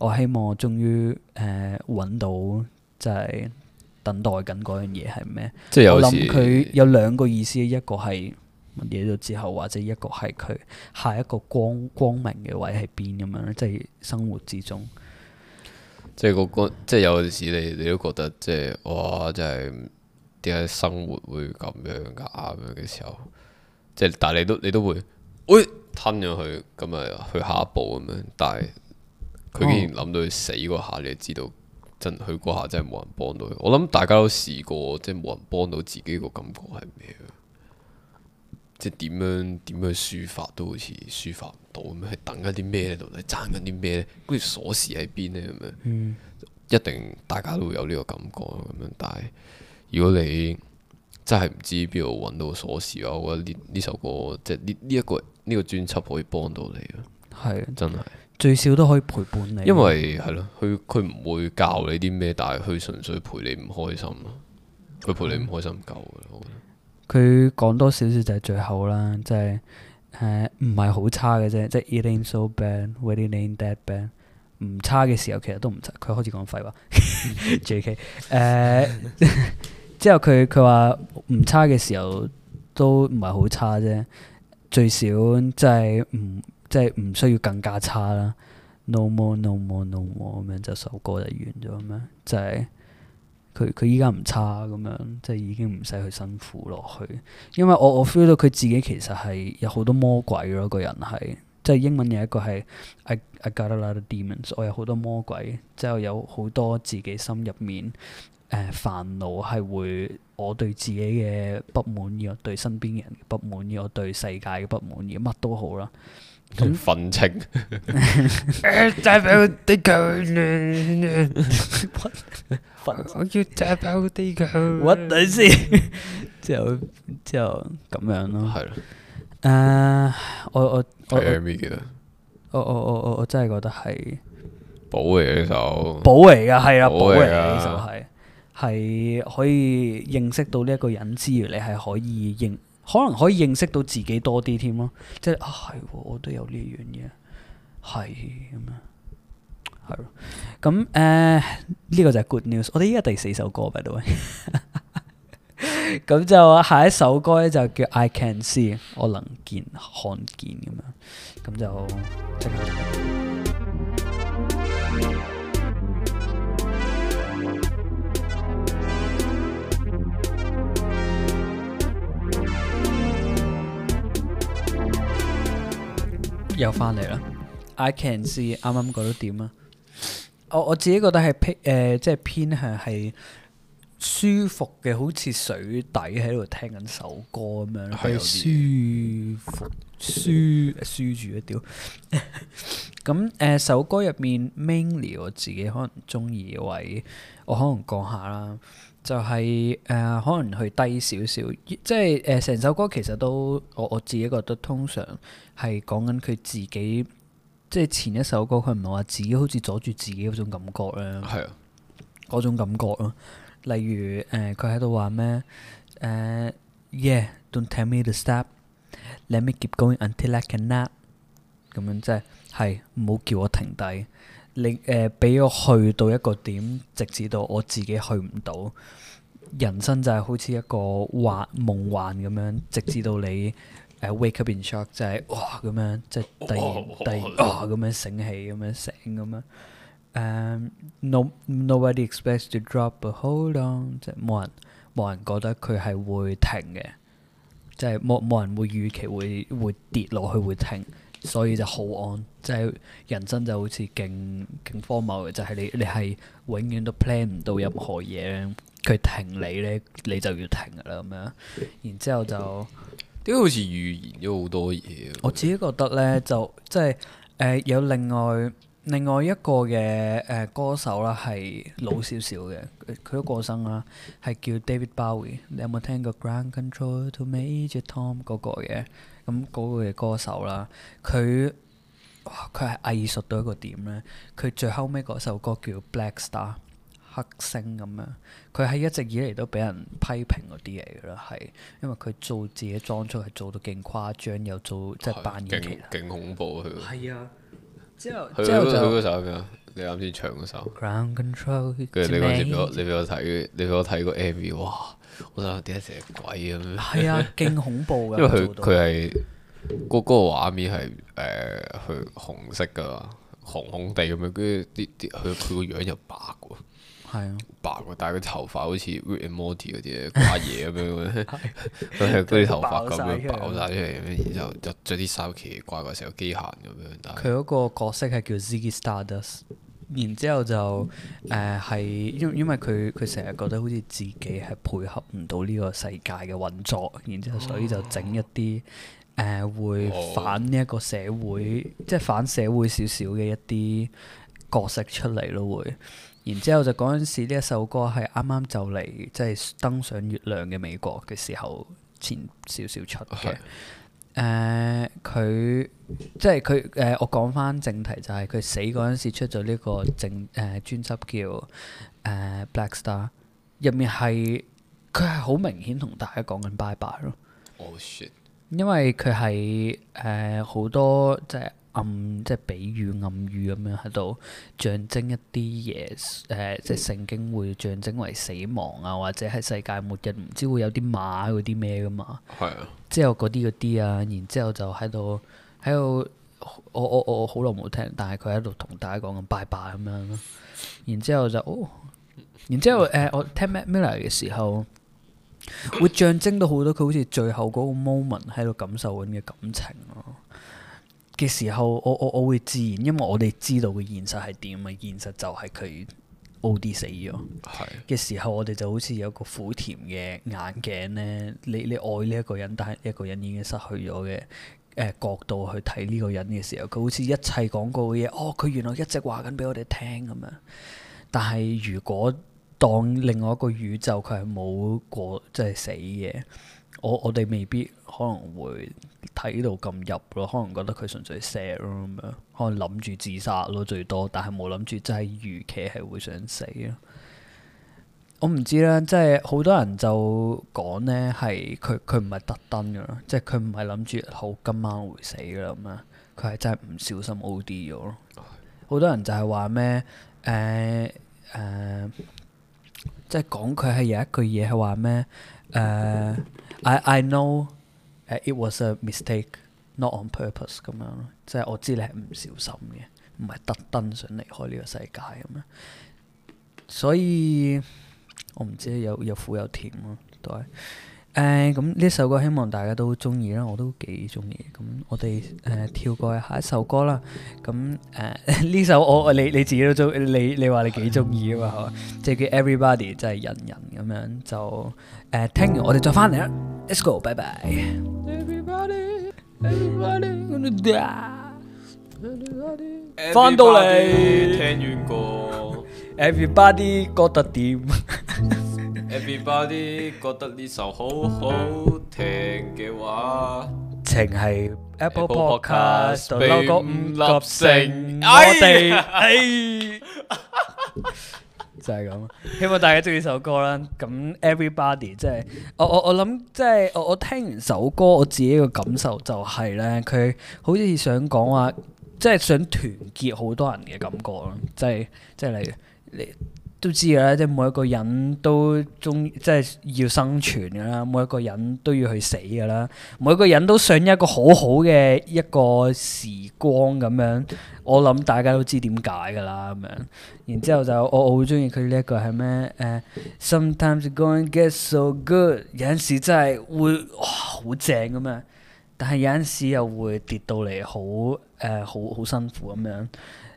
我希望我終於誒揾、呃、到，即係等待緊嗰樣嘢係咩？即係有時我諗佢有兩個意思，一個係乜嘢咗之後，或者一個係佢下一個光光明嘅位喺邊咁樣咧？即係生活之中。即係個個，即係有陣時你你都覺得，即係哇，真係點解生活會咁樣噶、啊、咁樣嘅時候，即係但係你都你都會，喂吞咗佢咁咪去下一步咁樣，但係佢竟然諗到佢死嗰下，你就知道真佢嗰下真係冇人幫到佢。我諗大家都試過，即係冇人幫到自己個感覺係咩？即係點樣點樣抒發都好似抒發。度咁樣係等緊啲咩咧？到底爭緊啲咩咧？跟住鎖匙喺邊咧？咁樣、嗯，一定大家都會有呢個感覺咁樣。但係如果你真係唔知邊度搵到鎖匙啊，我覺得呢呢首歌即係呢呢一個呢、呢個專輯可以幫到你啊。係的，真係的最少都可以陪伴你。因為係咯，佢佢唔會教你啲咩，但係佢純粹陪你唔開心咯。佢陪你唔開心夠嘅，我覺得。佢講、嗯、多少少就係最好啦，即係。誒，唔係好差嘅啫，即係 it ain't so bad，it ain't that bad，唔差嘅時候其實都唔差。佢開始講廢話，J K，誒，之後佢佢話唔差嘅時候都唔係好差啫，最少就係唔即係唔需要更加差啦。No more，no more，no more，咁樣就首歌就完咗咁樣，就係。佢佢依家唔差咁樣，即係已經唔使去辛苦落去。因為我我 feel 到佢自己其實係有好多魔鬼咯，個人係即係英文有一個係 I I got a lot of demons，我有好多魔鬼，之後有好多自己心入面誒煩惱係會我對自己嘅不滿意，我對身邊嘅人嘅不滿意，我對世界嘅不滿意，乜都好啦。咁分清，我要炸爆啲佢，我第時之後之後咁樣咯。係咯，誒，我我係 M V 記得，我我我我我真係覺得係寶嚟嘅呢首，寶嚟噶係啊，寶嚟嘅呢首係係可以認識到呢一個人之餘，你係可以認。可能可以認識到自己多啲添咯，即係啊，係我都有呢樣嘢，係咁樣，係咯，咁誒呢個就係 good news，我哋依家第四首歌咪到。咁 就下一首歌咧就叫 I Can See，我能見看見咁樣，咁就，即係又翻嚟啦！I can see，啱啱覺得點啊？我我自己覺得係偏、呃、即係偏向係舒服嘅，好似水底喺度聽緊首歌咁樣。係是舒服，舒舒，舒住一屌，咁 誒、嗯呃、首歌入面 mainly 我自己可能中意嘅位，我可能講下啦。就係、是、誒、呃，可能佢低少少，即係誒成首歌其實都，我我自己覺得通常係講緊佢自己，即係前一首歌佢唔係話自己好似阻住自己嗰種感覺啦，嗰的種感覺咯。例如誒，佢、呃、喺度話咩誒、uh，Yeah，don't tell me to stop，let me keep going until I cannot 咁樣即係係唔好叫我停低。你誒俾、呃、我去到一個點，直至到我自己去唔到，人生就係好似一個幻夢幻咁樣，直至到你誒、 uh, wake up in shock 就係、是、哇咁樣，即係突然突然啊咁樣醒起咁樣醒咁樣。誒、um, no nobody expects to drop a hold on，即係冇人冇人覺得佢係會停嘅，即係冇冇人會預期會會跌落去會停。所以就好安，即係人生就好似勁勁荒謬嘅，就係你你係永遠都 plan 唔到任何嘢，佢停你咧，你就要停噶啦咁樣。然之後就點解好似預言咗好多嘢啊？我自己覺得咧，就即係誒有另外另外一個嘅誒歌手啦，係老少少嘅，佢都過身啦，係叫 David Bowie。你有冇聽過 Ground Control to Major Tom 嗰個嘅？咁嗰個嘅歌手啦，佢佢係藝術到一個點咧。佢最後尾嗰首歌叫《Black Star》黑星咁樣，佢係一直以嚟都俾人批評嗰啲嚟嘅啦，係因為佢做自己裝出嚟做到勁誇張，又做即係扮演技，勁恐怖佢。係、那個、啊，之後了之後佢嗰首咩啊？你啱先唱嗰首《Ground Control》，跟住你嗰陣時俾我你俾我睇，你俾我睇過 MV 哇！我就點解成日鬼咁樣，係啊，勁、啊、恐怖噶。 因為佢佢係嗰個畫面係誒，佢、呃、紅色噶，紅紅地咁樣，跟住啲啲佢佢個樣又白喎，係啊，白喎，但係佢頭髮好似 Rick and Morty 嗰啲掛嘢咁樣，佢係嗰啲頭髮咁樣爆晒出嚟，咁然後就着啲衫，奇怪怪，成個機械咁樣。佢嗰個角色係叫 Zigsterdos 然之後就誒係因因為佢佢成日覺得好似自己係配合唔到呢個世界嘅運作，然之後所以就整一啲誒、呃、會反呢一個社會，即係反社會少少嘅一啲角色出嚟咯，會。然之後就嗰陣時呢一首歌係啱啱就嚟即係登上月亮嘅美國嘅時候前少少出嘅。Okay. 誒佢，呃、即係佢誒，我講翻正題就係佢死嗰陣時出咗呢個正誒、呃、專輯叫誒、呃、Black Star。入面係佢係好明顯同大家講緊拜拜誒咯。哦 shit! 因為佢係誒好多即係。暗即係比喻暗語咁樣喺度象徵一啲嘢，誒、呃、即係聖經會象徵為死亡啊，或者係世界末日，唔知會有啲馬嗰啲咩噶嘛？係啊、嗯，之後嗰啲嗰啲啊，然之後就喺度喺度，我我我，我好耐冇聽，但係佢喺度同大家講緊拜拜咁樣咯。然之後就，哦、然之後誒、呃，我聽 Mac Miller 嘅時候，會象徵到多好多佢好似最後嗰個 moment 喺度感受緊嘅感情咯、啊。嘅時候，我我我會自然，因為我哋知道嘅現實係點啊，現實就係佢 O D 死咗。嘅時候，我哋就好似有個苦甜嘅眼鏡呢，你你愛呢一個人，但係一個人已經失去咗嘅誒角度去睇呢個人嘅時候，佢好似一切講過嘅嘢，哦，佢原來一直話緊俾我哋聽咁樣。但係如果當另外一個宇宙，佢係冇過即係死嘅。我我哋未必可能會睇到咁入咯，可能覺得佢純粹 sad 咯咁樣，可能諗住自殺咯最多，但係冇諗住真係預期係會想死咯。我唔知啦，即係好多人就講咧，係佢佢唔係特登噶咯，即係佢唔係諗住好今晚會死噶咁樣，佢係真係唔小心 O D 咗咯。好多人就係話咩？誒、呃、誒、呃，即係講佢係有一句嘢係話咩？誒、呃。 I I know，it was a mistake，not on purpose 咁樣咯，即係我知你係唔小心嘅，唔係特登想離開呢個世界咁樣，所以我唔知有有苦有甜咯、啊，都係。誒，咁呢、uh, 首歌希望大家都中意啦，我都幾中意。咁我哋誒、uh, 跳過下一首歌啦。咁誒呢首我你你自己都中，你你話你幾中意啊嘛？嗬，即係叫 Everybody，即係人人咁樣就誒、uh, 聽完我哋再翻嚟啦。Let's go，拜拜。Everybody，everybody，翻到嚟聽完個 everybody 覺得點？Everybody 覺得呢首好好聽嘅話，情係 App Apple Podcast 就撈俾五粒星，我哋就係咁。希望大家中意首歌啦。咁 Everybody 即係我我我諗，即係我我聽完首歌，我自己嘅感受就係咧，佢好似想講話，即係想團結好多人嘅感覺咯。即係即係你你。你都知嘅啦，即係每一個人都中，即係要生存嘅啦。每一個人都要去死嘅啦。每一個人都想一個好好嘅一個時光咁樣。我諗大家都知點解㗎啦咁樣。然之後就我好中意佢呢一個係咩？誒、uh，sometimes going get so good，有陣時真係會哇好正咁樣。但係有陣時又會跌到嚟好誒好好辛苦咁樣。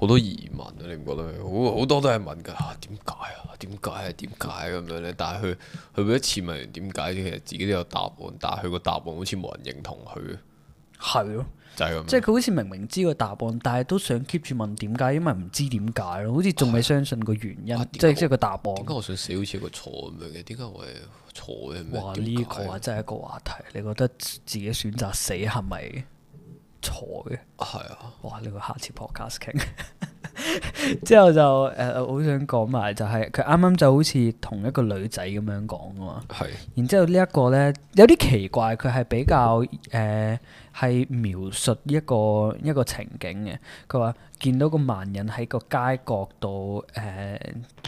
好多疑問啊！你唔覺得好好多都係問㗎，點解啊？點解啊？點解咁樣咧？但係佢佢每一次問完點解，其實自己都有答案，但係佢個答案好似冇人認同佢。係咯、啊，就係咁。即係佢好似明明知個答案，但係都想 keep 住問點解，因為唔知點解咯，好似仲未相信個原因。啊啊、即係即係個答案。點解我，我想死好似個錯咁樣嘅？點解我係錯嘅？哇嘩！呢個啊，個真係一個話題。你覺得自己選擇死係咪？是錯嘅係啊，啊哇！呢個下次 podcast 傾 之後就誒，好、呃、想講埋就係佢啱啱就好似同一個女仔咁樣講噶嘛，係是。然之後呢一個咧有啲奇怪，佢係比較誒係、呃、描述一個一個情景嘅。佢話見到個盲人喺個街角度誒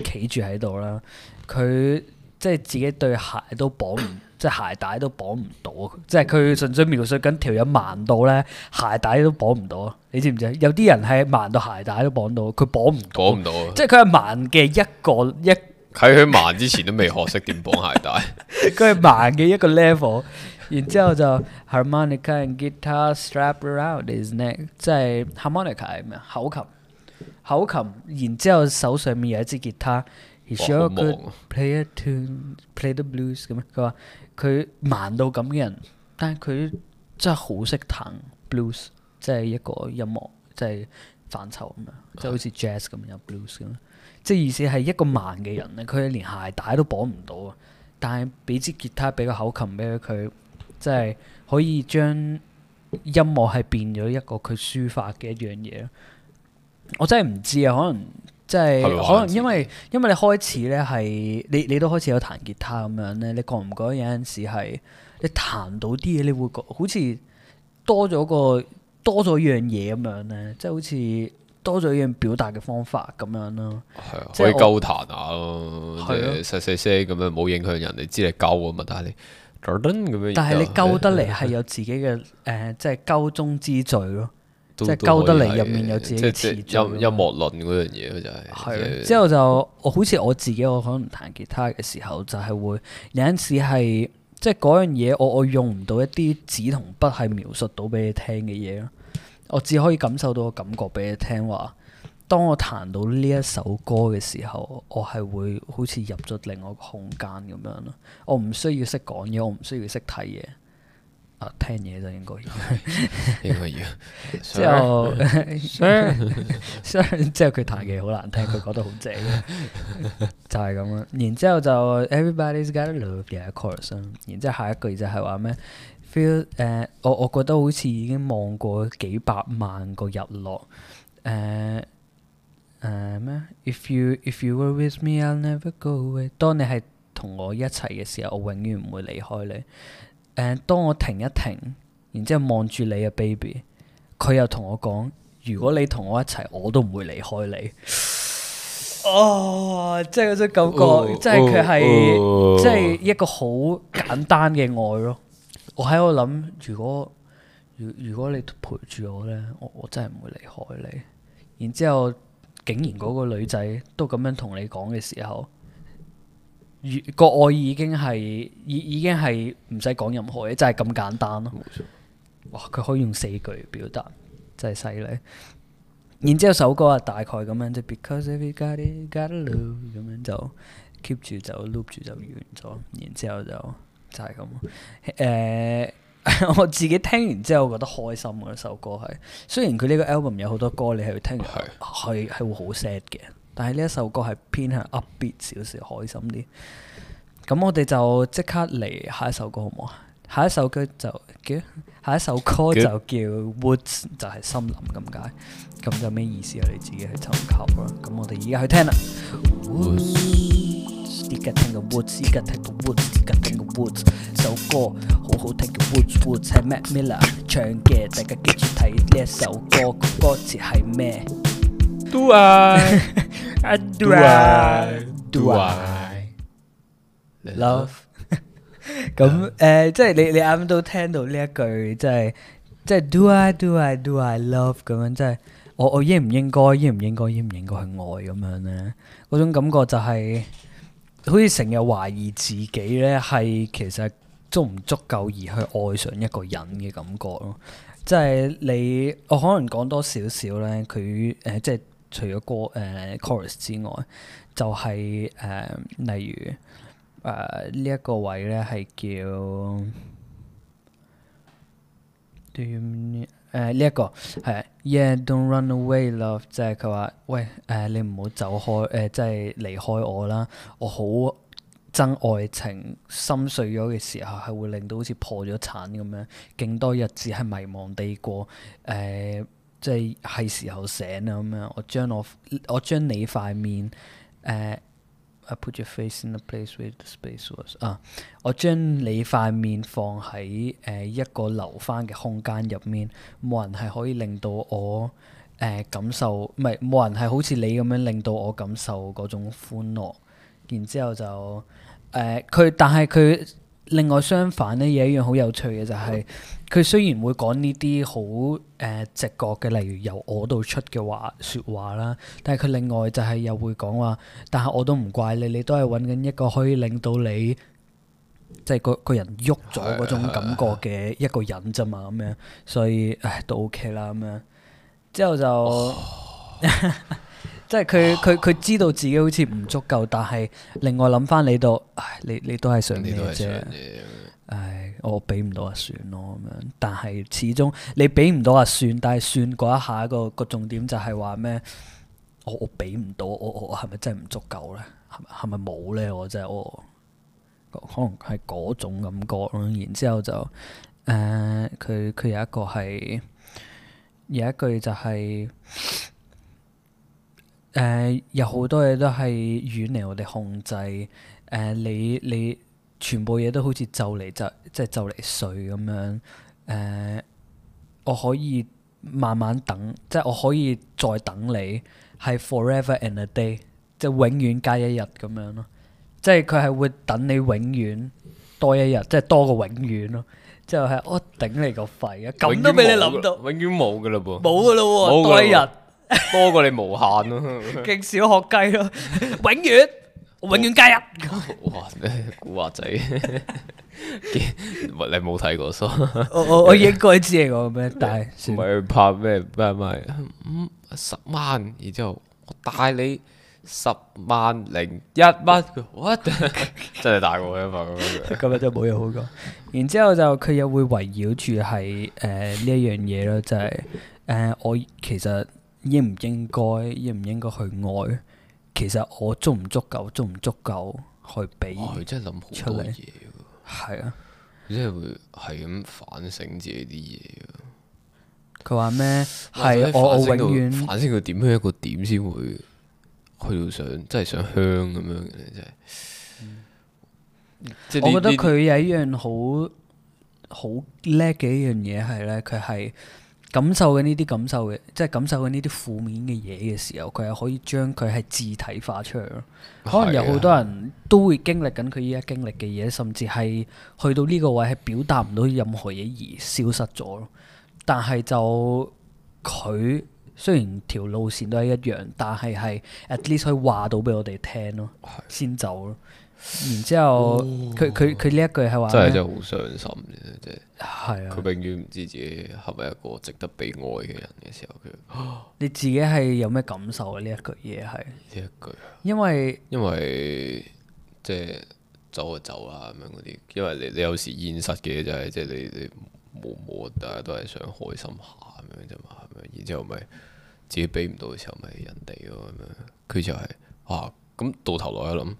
企住喺度啦，佢即係自己對鞋都綁唔。 即係鞋帶都綁唔到，即係佢純粹描述緊條友盲到咧，鞋帶都綁唔到啊！你知唔知？有啲人係盲到鞋帶都綁到，佢綁唔綁唔到啊！即係佢係盲嘅一個一。喺佢盲之前都未學識點綁鞋帶。佢係盲嘅一個 level，然之後就 harmonica and guitar strap around his neck，即係 harmonica 係咩？口琴，口琴，然之後手上面有一支吉他 s g o w 佢 play a tune，play the blues 咁，佢話。佢盲到咁嘅人，但係佢真係好識彈 blues，即係一個音樂即係範疇咁樣，就好似 jazz 咁樣 blues 咁。即係意思係一個盲嘅人咧，佢係連鞋帶都綁唔到啊，但係俾支吉他，俾個口琴，俾佢，即係可以將音樂係變咗一個佢抒發嘅一樣嘢咯。我真係唔知啊，可能。即係、就是、可能因為 因為你開始咧係你你都開始有彈吉他咁樣咧，你覺唔覺得有陣時係你彈到啲嘢，你會覺好似多咗個多咗樣嘢咁樣咧，即係好似多咗一樣表達嘅方法咁樣咯。係啊的，可以鳩彈下咯，即係的細細聲咁樣，冇影響人哋知你鳩啊嘛，但係你但係你鳩得嚟係有自己嘅誒，即係鳩中之最咯。即係鳩得嚟入面有自己嘅詞，音音樂論嗰樣嘢佢就係。係啊，之後就我好似我自己，我可能彈吉他嘅時候就係會有陣時係，即係嗰樣嘢我我用唔到一啲紙同筆係描述到俾你聽嘅嘢咯。我只可以感受到個感覺俾你聽話。當我彈到呢一首歌嘅時候，我係會好似入咗另外一個空間咁樣咯。我唔需要識講嘢，我唔需要識睇嘢。啊，聽嘢就應該要，應該要。之後，相相，之後佢彈嘅好難聽，佢覺得好正， 就係咁啦。然之後就 Everybody's gotta love ya，of course、啊、然之後下一句就係話咩？Feel 誒、uh，我我覺得好似已經望過幾百萬個日落。誒誒咩？If you if you were with me，I'll never go away。當你係同我一齊嘅時候，我永遠唔會離開你。誒，當我停一停，然之後望住你嘅 baby，佢又同我講，如果你同我一齊，我都唔會離開你。哦，即係嗰種感覺，即係佢係，即係、oh、一個好簡單嘅愛咯。我喺度諗，如果如果如果你陪住我咧，我我真係唔會離開你。然之後，竟然嗰個女仔都咁樣同你講嘅時候。越個愛已經係已已經係唔使講任何嘢，就係咁簡單咯。哇！佢可以用四句表達，真係犀利。然之後首歌啊，大概咁樣，即 Because I've got it got love 咁樣就 keep 住就 loop 住就完咗。然之後就就係咁。誒、uh, 我自己聽完之後覺得開心嘅、啊、一首歌係。雖然佢呢個 album 有好多歌，你係聽係係係會好 sad 嘅。但係呢一首歌係偏向 upbeat 少少開心啲，咁我哋就即刻嚟下一首歌好唔好啊？下一首歌就叫下一首歌就叫 woods，就係森林咁解，咁有咩意思啊？你自己去尋求啦。咁我哋而家去聽啦。woods，依家聽個 woods，依家聽個 woods，依家聽個 woods，wood wood 首歌好好聽嘅 woods，woods 係 Mac Miller 唱嘅，大家記住睇呢一首歌嘅歌詞係咩？剛剛 do I, do I, do I love？咁誒，即係你你啱都聽到呢一句，即係即係 Do I, do I, do I love？咁樣即係我我應唔應該，應唔應該，應唔應該去愛咁樣咧？嗰種感覺就係好似成日懷疑自己咧，係其實足唔足夠而去愛上一個人嘅感覺咯。即係你，我可能講多少少咧，佢誒，即係。除咗歌誒、呃、chorus 之外，就係、是、誒、呃，例如誒，呢、呃、一、這個位咧，係叫誒，呢、hmm. 一、呃這個係 Yeah，don't run away，love，即係佢話，喂誒、呃，你唔好走開，誒、呃，即係離開我啦。我好憎愛情，心碎咗嘅時候係會令到好似破咗產咁樣，勁多日子係迷茫地過誒。呃即係係時候醒啦咁樣，我將我我將你塊面誒，I put your face in the place with the space was 啊，我將你塊面放喺誒、呃、一個留翻嘅空間入面，冇人係可以令到我誒、呃、感受，唔係冇人係好似你咁樣令到我感受嗰種歡樂。然之後就誒佢、呃，但係佢另外相反咧，有一樣好有趣嘅就係、是。嗯佢雖然會講呢啲好誒直覺嘅，例如由我度出嘅話説話啦，但係佢另外就係又會講話，但係我都唔怪你，你都係揾緊一個可以令到你即係、就是、個個人喐咗嗰種感覺嘅一個人啫嘛，咁、OK、樣，所以唉都 OK 啦，咁樣之後就、哦、 即係佢佢佢知道自己好似唔足夠，但係另外諗翻你度，唉你你都係想嘅啫，唉。我俾唔到就算咯咁樣，但係始終你俾唔到就算，但係算過一下個個重點就係話咩？我我俾唔到，我我係咪真係唔足夠咧？係咪係咪冇咧？我，我是是真係我，我可能係嗰種感覺。嗯、然之後就誒，佢、呃、佢有一個係有一句就係、是、誒、呃，有好多嘢都係遠離我哋控制。誒、呃，你你。全部嘢都好似就嚟就即係就嚟碎咁樣，誒、呃，我可以慢慢等，即係我可以再等你，係 forever and a day，即係永遠加一日咁樣咯。即係佢係會等你永遠多一日，即係多過永遠咯。即係我、哦、頂你個肺啊！咁都俾你諗到永，永遠冇㗎嘞噃，冇㗎嘞喎，了多一了日，多過你無限咯，勁 小學雞咯，永遠。我永遠加入。 哇，咩古惑仔？ 你冇睇過，所以。 我應該知我應該知嘅咩？但帶唔係拍咩？唔係唔十萬，然之後我帶你十萬零一蚊。麼 真係大過一百蚊嘅。 今日就冇嘢好講。然之後就佢又會圍繞住係誒呢一樣嘢咯，就係、是、誒、呃、我其實應唔應該應唔應該去愛？其實我足唔足夠，足唔足夠去俾，佢、哦、真係諗好多嘢。係啊，即係、啊、會係咁反省自己啲嘢、啊。佢話咩？係我永遠反省佢點樣一個點先會去到想，真係想香咁樣嘅，真係。嗯、即係我覺得佢有一樣好好叻嘅一樣嘢係咧，佢係。感受嘅呢啲感受嘅，即係感受嘅呢啲負面嘅嘢嘅時候，佢係可以將佢係字體化出嚟咯。可能有好多人都會經歷緊佢依家經歷嘅嘢，甚至係去到呢個位係表達唔到任何嘢而消失咗咯。但係就佢雖然條路線都係一樣，但係係 at least 可以話到俾我哋聽咯，先走咯。然之後佢佢佢，呢一句係話真係真係好傷心嘅。即係佢永遠唔知自己係咪一個值得被愛嘅人嘅時候，佢，你自己係有咩感受啊？呢一句嘢，係呢一句，因為因為即係走，走啊走啊咁樣嗰啲，因為你你有時現實嘅就係即係你你冇冇大家都係想開心下咁樣啫嘛，係咪？然之後咪、就是、自己俾唔到嘅時候咪人哋咯咁樣，佢就係啊，咁到頭來一諗。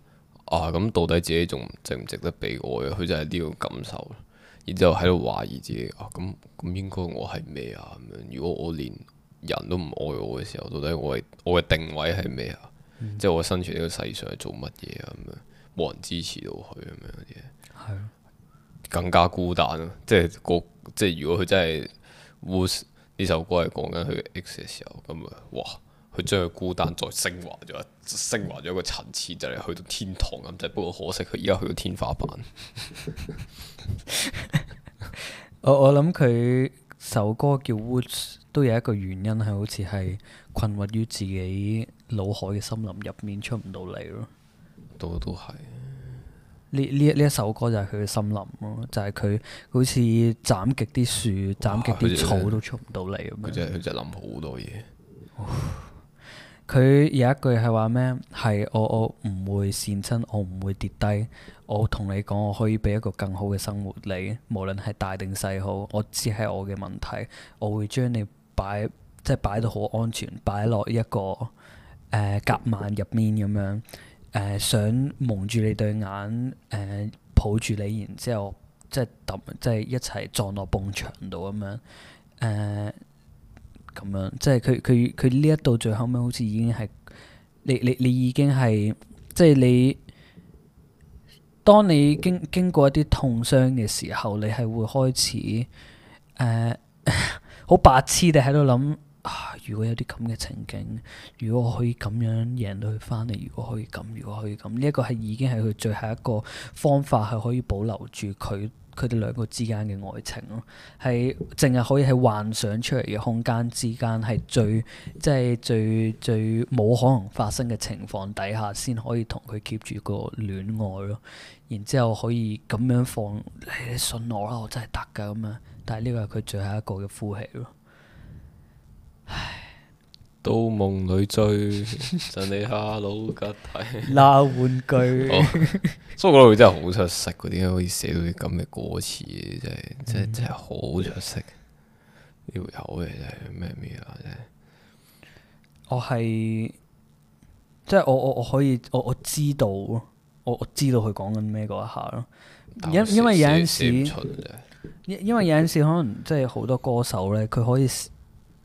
啊，咁到底自己仲值唔值得被愛？佢就係呢個感受，然之後喺度懷疑自己。啊，咁咁應該我係咩啊？咁樣，如果我連人都唔愛我嘅時候，到底我係我嘅定位係咩啊？嗯、即係我生存呢個世上係做乜嘢啊？咁樣，冇人支持到佢咁樣啲嘢，係更加孤單咯。即係個，即係如果佢真係《Woods》呢首歌係講緊佢 ex 嘅時候，咁啊，哇！佢將佢孤單再升華咗，升華咗一個層次，就係去到天堂咁。就係不過可惜，佢而家去到天花板。我我諗佢首歌叫 Woods，都有一個原因係好似係困惑於自己腦海嘅森林入面出唔到嚟咯。都都係。呢呢呢一首歌就係佢嘅森林咯，就係、是、佢好似斬極啲樹、哇斬極啲草都出唔到嚟咁樣。佢就係、是、諗好多嘢。 佢有一句係話咩？係我我唔會傷親，我唔會跌低。我同你講，我可以俾一個更好嘅生活你，無論係大定細好。我只係我嘅問題，我會將你擺即係擺到好安全，擺落一個誒夾萬入面咁樣。誒、呃、想蒙住你對眼，誒、呃、抱住你，然之後即係揼，即係一齊撞落墳牆度咁樣。誒、呃。咁樣，即係佢佢佢呢一到最後屘，好似已經係你你你已經係，即係你當你經經過一啲痛傷嘅時候，你係會開始誒好、呃、 白痴地喺度諗啊！如果有啲咁嘅情景，如果我可以咁樣贏到佢翻嚟，如果可以咁，如果可以咁，呢、呢、一個係已經係佢最後一個方法係可以保留住佢。佢哋兩個之間嘅愛情咯，係淨係可以喺幻想出嚟嘅空間之間，係最即係最最冇可能發生嘅情況底下，先可以同佢 keep 住個戀愛咯。然之後可以咁樣放、哎，你信我啦，我真係得㗎咁樣！但係呢個係佢最後一個嘅呼氣咯。唉。到夢裏追，就你哈魯吉睇鬧 玩具。所以我覺得佢真係好出色，嗰啲可以寫到啲咁嘅歌詞嘅，真係、嗯、真真係好出色。呢要有嘅真係咩咩啊？真係我係即係我我我可以我我知道咯，我我知道佢講緊咩嗰一下咯。因因為有陣時，因因為有陣時可能即係好多歌手咧，佢可以。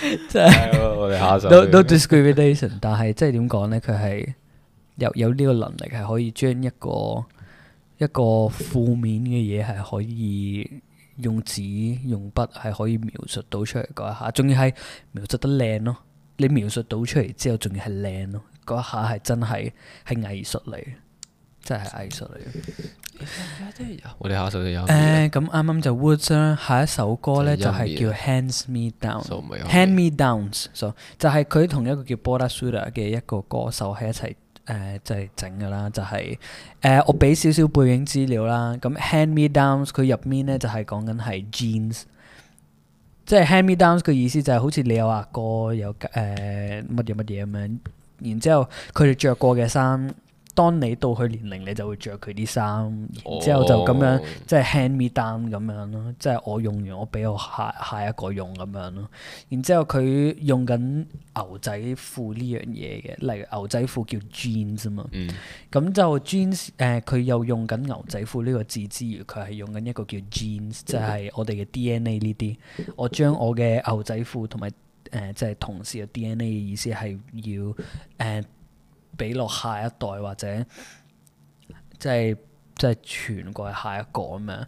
即係，no discrimination 但。但係即係點講呢？佢係有有呢個能力，係可以將一個一個負面嘅嘢，係可以用紙用筆，係可以描述到出嚟嗰一下。仲要係描述得靚咯。你描述到出嚟之後，仲要係靚咯。嗰一下係真係係藝術嚟。真係藝術嚟嘅，我哋下一首就有。誒，咁啱啱就 Woods 啦，下一首歌咧就係叫 Hands Me Down so,。Hand Me Downs，手、so, 就係佢同一個叫 Baro Sura 嘅一個歌手喺一齊誒、呃，就係整嘅啦。就係、是、誒、呃，我俾少少背景資料啦。咁 Hand Me Downs 佢入面咧就係、是、講緊係 jeans，即係 Hand Me Downs 嘅意思就係好似你有阿哥，哥有誒乜嘢乜嘢咁樣，然之後佢哋著過嘅衫。當你到佢年齡，你就會着佢啲衫，然之後就咁樣，oh. 即係 hand me down 咁樣咯，即係我用完我俾我下下一個用咁樣咯。然之後佢用緊牛仔褲呢樣嘢嘅，例如牛仔褲叫 jeans 嘛。咁就 jeans 誒，佢又用緊牛仔褲呢個字之餘，佢係用緊一個叫 jeans，mm. 即係我哋嘅 DNA 呢啲。我將我嘅牛仔褲同埋誒，即係同事嘅 DNA 嘅意思係要誒。呃俾落下一代或者即係即係傳過下一個咁樣，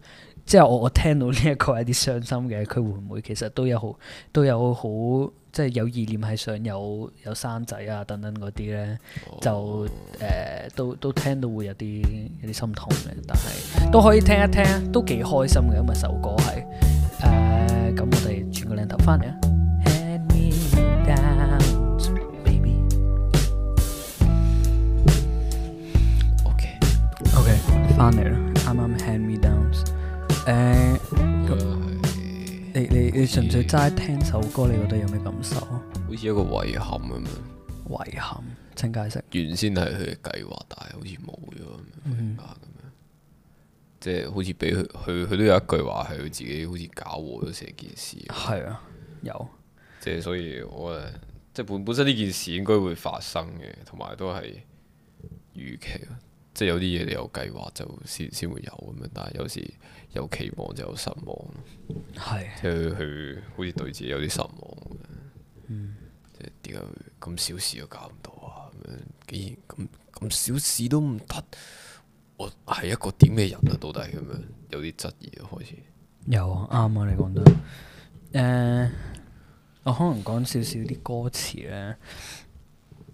即係我我聽到呢一個有啲傷心嘅，佢會唔會其實都有好都有好即係有意念係想有有生仔啊等等嗰啲咧，oh. 就誒、呃、都都聽到會有啲有啲心痛嘅，但係都可以聽一聽，都幾開心嘅，因為首歌係誒，咁我哋轉個靚頭返嚟啊。翻嚟啦，啱啱 hand me downs。誒，你你你純粹齋聽首歌，你覺得有咩感受？好似一個遺憾咁樣。遺憾，請解釋。原先係佢嘅計劃，但係好似冇咗咁樣。嗯。啊，咁樣。即係好似俾佢，佢佢都有一句話係佢自己好似搞和咗成件事。係 啊，有。即係所以我，我即係本本身呢件事應該會發生嘅，同埋都係預期。即係有啲嘢你有計劃就先先會有咁樣，但係有時有期望就有失望，係的即係佢好似對自己有啲失望咁樣。嗯，即係點解咁小事都搞唔到啊？咁樣竟然咁咁小事都唔得，我係一個點嘅人啊？到底咁樣有啲質疑開始。有啊，啱啊，你講得，誒，uh，我可能講少少啲歌詞咧。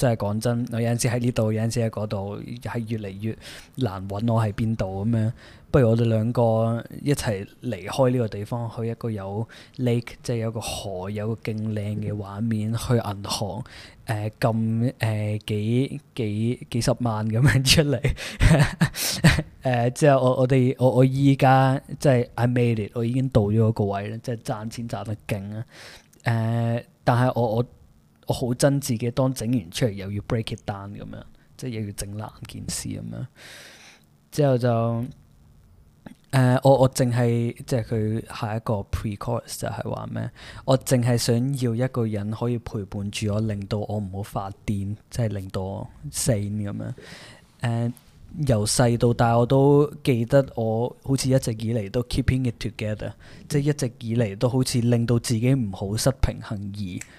真係講真，我有陣時喺呢度，有陣時喺嗰度，係越嚟越難揾我喺邊度咁樣。不如我哋兩個一齊離開呢個地方，去一個有 lake，即係有個河，有個勁靚嘅畫面，去銀行誒撳誒幾幾幾十萬咁樣出嚟。誒、 呃，即係我我哋我我依家即係 I made it，我已經到咗嗰個位咧，即係賺錢賺得勁啊！誒、呃，但係我我。我我好憎自己，當整完出嚟又要 break it down 咁樣，即係又要整爛件事咁樣。之後就誒、呃，我我淨係即係佢下一個 pre-chorus 就係話咩？我淨係想要一個人可以陪伴住我，令到我唔好發癲，即係令到我 sane 咁樣。誒、呃，由細到大我都記得我，我好似一直以嚟都 keeping it together，即係一直以嚟都好似令到自己唔好失平衡而。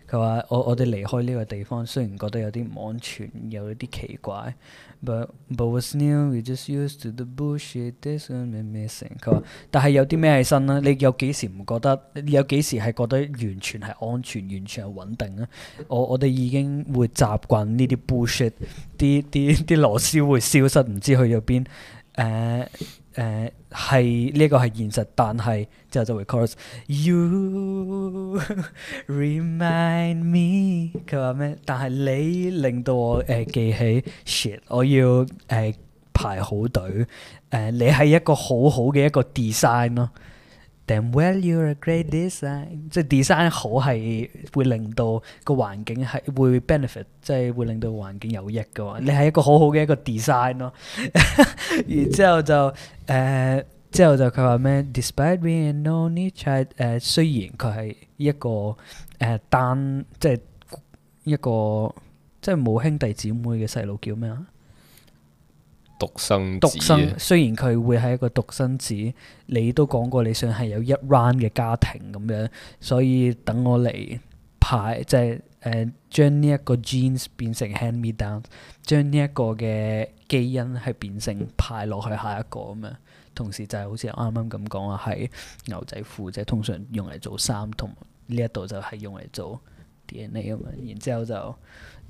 佢話：我我哋離開呢個地方，雖然覺得有啲唔安全，有啲奇怪，but but what's new? We just used to the bullshit 啲，咩咩事？佢話：但係有啲咩喺身呢？你有幾時唔覺得？有幾時係覺得完全係安全、完全係穩定呢，啊？我我哋已經會習慣呢啲 bullshit，啲啲啲螺絲會消失，唔知去咗邊？誒、呃。誒係呢個係現實，但係之後就 because You remind me，佢話咩？但係你令到我誒記、呃、起 shit，我要誒、呃、排好隊。誒、呃，你係一個好好嘅一個 design 咯。Well, you're a great design。即係 design 好係會令到個環境係會 benefit，即係會令到環境有益嘅。你係一個好好嘅一個 design 咯。然之後就誒，之後就佢話咩？Despite being an only child，誒，雖然佢係一個誒單即係一個即係冇兄弟姊妹嘅細路叫咩啊？獨生，獨生，雖然佢會係一個獨生子，你都講過你想係有一 round 嘅家庭咁樣，所以等我嚟派，即係誒、呃、將呢一個 genes 變成 hand me down，將呢一個嘅基因係變成派落去下一個咁樣，同時就係好似啱啱咁講呀係牛仔褲，即係通常用嚟做衫，同呢一度就係用嚟做 D N A 咁樣，然之後就。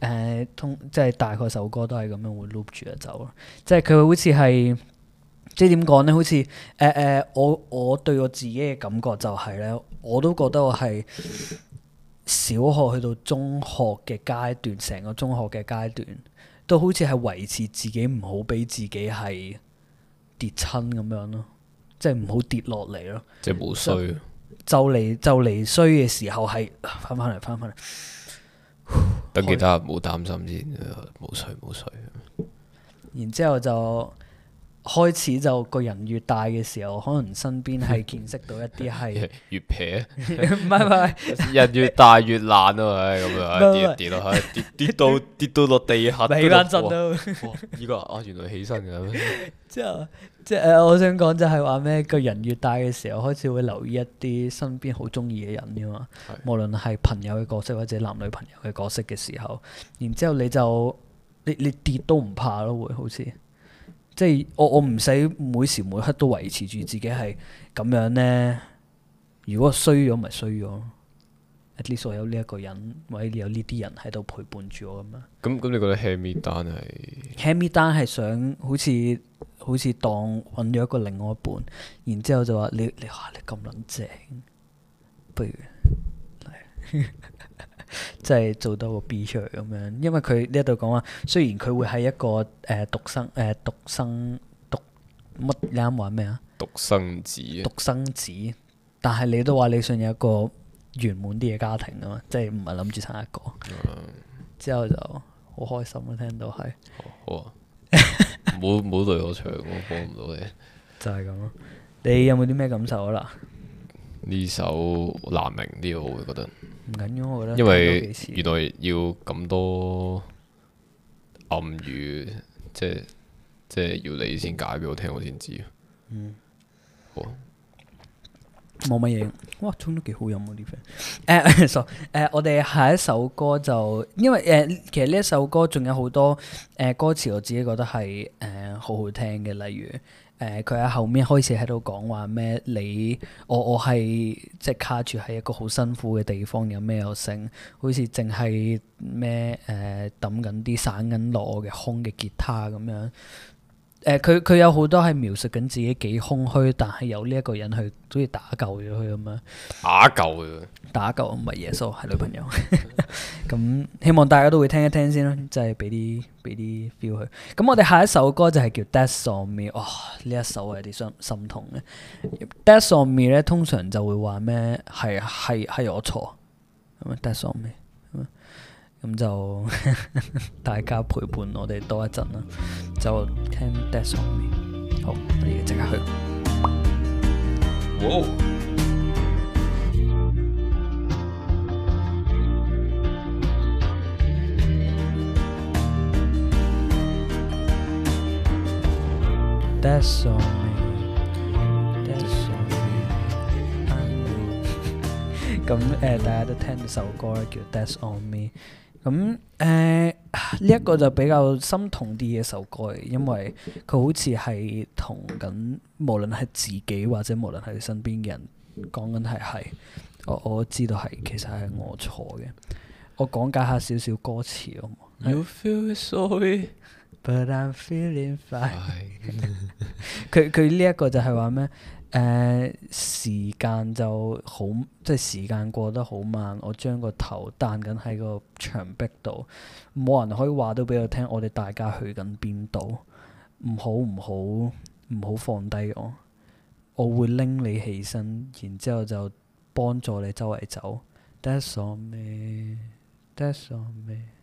誒、呃、通即係大概首歌都係咁樣會 loop 住啊走咯，即係佢好似係即係點講咧？好似誒誒，我我對我自己嘅感覺就係、係、咧，我都覺得我係小學去到中學嘅階段，成個中學嘅階段都好似係維持自己唔好俾自己係跌親咁樣咯，即係唔好跌落嚟咯。即係冇衰，就嚟就嚟衰嘅時候係翻翻嚟，翻翻嚟。呼等其他人冇擔心先，冇 水，冇水。 然之後就。開始就個人越大嘅時候，可能身邊係見識到一啲係 越撇扁，唔係唔係，人越大越懶啊，係咁樣跌一跌落去，跌跌到跌到落地下都起間震都，依個啊原來起身嘅，之後即係我想講就係話咩，個人越大嘅時候，開始會留意一啲身邊好中意嘅人噶嘛，是的 無論係朋友嘅角色或者男女朋友嘅角色嘅時候，然之後你就你你，你，你跌都唔怕咯，會好似。即係我我唔使每時每刻都維持住自己係咁樣咧。如果衰咗咪衰咗咯。至少我有呢一個人，或者有呢啲人喺度陪伴住我咁啊。咁咁你覺得 Hand Me Down 係？Hand Me Down 係想好似好似當揾咗一個另外一半，然之後就話你你嚇、啊、你咁卵正，不如嚟。 即係做到個 B 出嚟咁樣，因為佢呢度講話，雖然佢會係一個誒獨、呃、生誒獨、呃、生獨乜你啱話咩啊？獨生子。獨生子，但係你都話你想有一個圓滿啲嘅家庭啊嘛，即係唔係諗住生一個。嗯、之後就好開心啊！聽到係、哦。好啊，唔好唔好對我唱，我幫唔到你， 就係咁咯，你有冇啲咩感受啊啦？呢、嗯、首難明啲，我會覺得。唔緊要，我覺得。因為原來要咁多暗語， 即係即係要你先解俾我聽，我先知。嗯。好。冇乜嘢。哇，唱得幾好飲啊！Uh, so, uh, 我啲 friend 誒誒，我哋下一首歌就，因為誒，uh, 其實呢一首歌仲有好多誒、uh, 歌詞，我自己覺得係誒、uh, 好好聽嘅，例如。誒佢喺後面開始喺度講話咩？你我我係即係卡住喺一個好辛苦嘅地方，有咩有剩？好似淨係咩誒抌緊啲散緊落我嘅空嘅吉他咁樣。誒佢佢有好多係描述緊自己幾空虛，但係有呢一個人去好似打救咗佢咁樣。打救佢。打救唔係耶穌，係女朋友。咁 希望大家都會聽一聽先啦，即係俾啲俾啲 feel 佢。咁我哋下一首歌就係叫 That's On Me。哇，呢、哦、一首係啲心心痛嘅。That's On Me 咧，通常就會話咩係係係我錯咁。That's On Me，咁就 大家陪伴我哋多一陣啦，就聽 That's On Me。好，我哋即刻去。Wow. 咁誒、 嗯，大家都聽咗首歌咧，叫《That's on me》。咁、嗯、誒，呢一、這個就比較心痛啲嘅首歌嚟，因為佢好似係同緊，無論係自己或者無論係身邊嘅人，講緊係係我，我知道係其實係我錯嘅。我講解下少少歌詞好嘛。y But I'm feeling fine。 佢佢呢一個就係話咩？誒、uh, 時間就好，即係時間過得好慢。我將個頭彈緊喺個牆壁度，冇人可以話到俾我聽。我哋大家去緊邊度？唔好唔好唔好放低我。我會拎你起身，然之後就幫助你周圍走。That's on me。That's on me。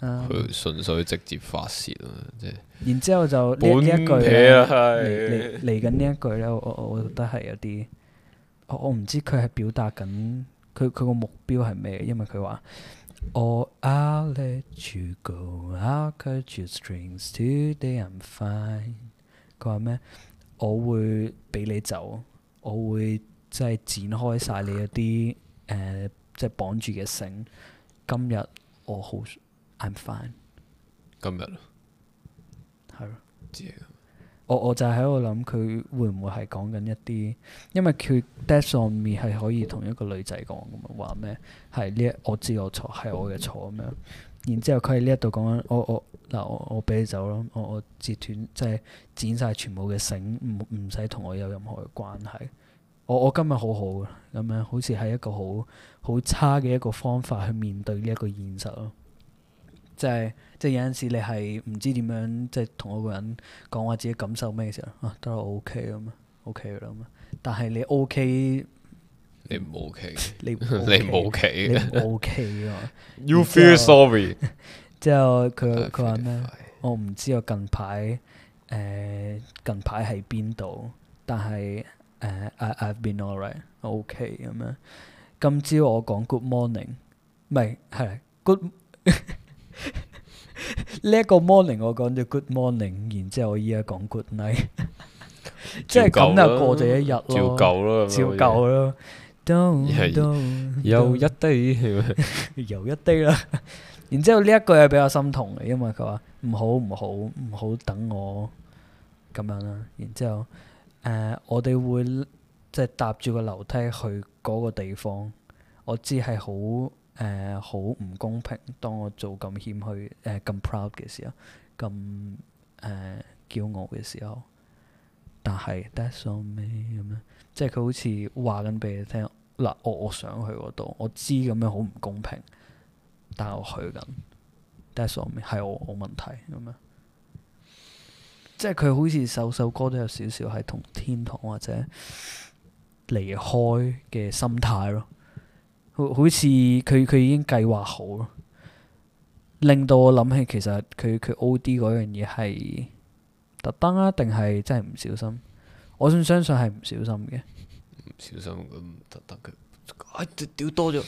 佢、嗯、純粹直接發洩咯，即係。然之後就呢本來 一句嚟嚟緊呢一句咧，我我覺得係有啲，我唔知佢係表達緊佢佢個目標係咩，因為佢話，我、oh, I'll let you go, I'll cut your strings today, I'm fine. 佢話咩？我會俾你走，我會即係剪開晒你一啲誒，即係綁住嘅繩。今日我好。I'm fine 今，今日咯，係咯 Yeah.，我我就喺度諗佢會唔會係講緊一啲，因為佢 death 上面係可以同一個女仔講噶嘛，話咩係呢，我知我錯係我嘅錯咁樣。然之後佢喺呢一度講緊我我嗱我我俾你走咯，我我截斷即係剪晒全部嘅繩，唔唔使同我有任何嘅關係。我我今日好好咁樣，好似係一個好好差嘅一個方法去面對呢一個現實咯。即係即係有陣時你係唔知點樣即係同我個人講我自己感受咩嘅時候啊都係 O K 咁啊 O K 啦嘛，但係你 O K 你唔 O K 你 你唔 O K 你唔 O K 啊 You feel sorry，之後佢佢話咩？我唔知我近排誒、呃、近排喺邊度，但係誒、呃、I I've been alright，O K 咁樣。今朝我講 Good morning，唔係係 Good。呢一個 morning 我講咗 good morning，然之後我依家講 good night， 即係咁就過咗一日咯，照舊咯，照舊咯，又一啲， 又一啲天啦。 然之後呢一句係比較心痛嘅，因為佢話唔好唔好唔好等我咁樣啦。然之後誒、呃，我哋會即係搭住個樓梯去嗰個地方，我知係好。誒好唔公平！當我做咁謙虛，誒、呃、咁 proud 嘅時候，咁誒、呃、驕傲嘅時候，但係 that's on me 咁樣，即係佢好似話緊俾你聽嗱、嗯，我我想去嗰度，我知咁樣好唔公平，但係我去緊。That's on me 係我我問題咁樣，即係佢好似首首歌都有少少係同天堂或者離開嘅心態咯。好似佢佢已經計劃好咯，令到我諗起其實佢佢 O D 嗰樣嘢係特登啊，定係真係唔小心？我想相信係唔小心嘅。唔小心咁特登佢，哎屌多咗！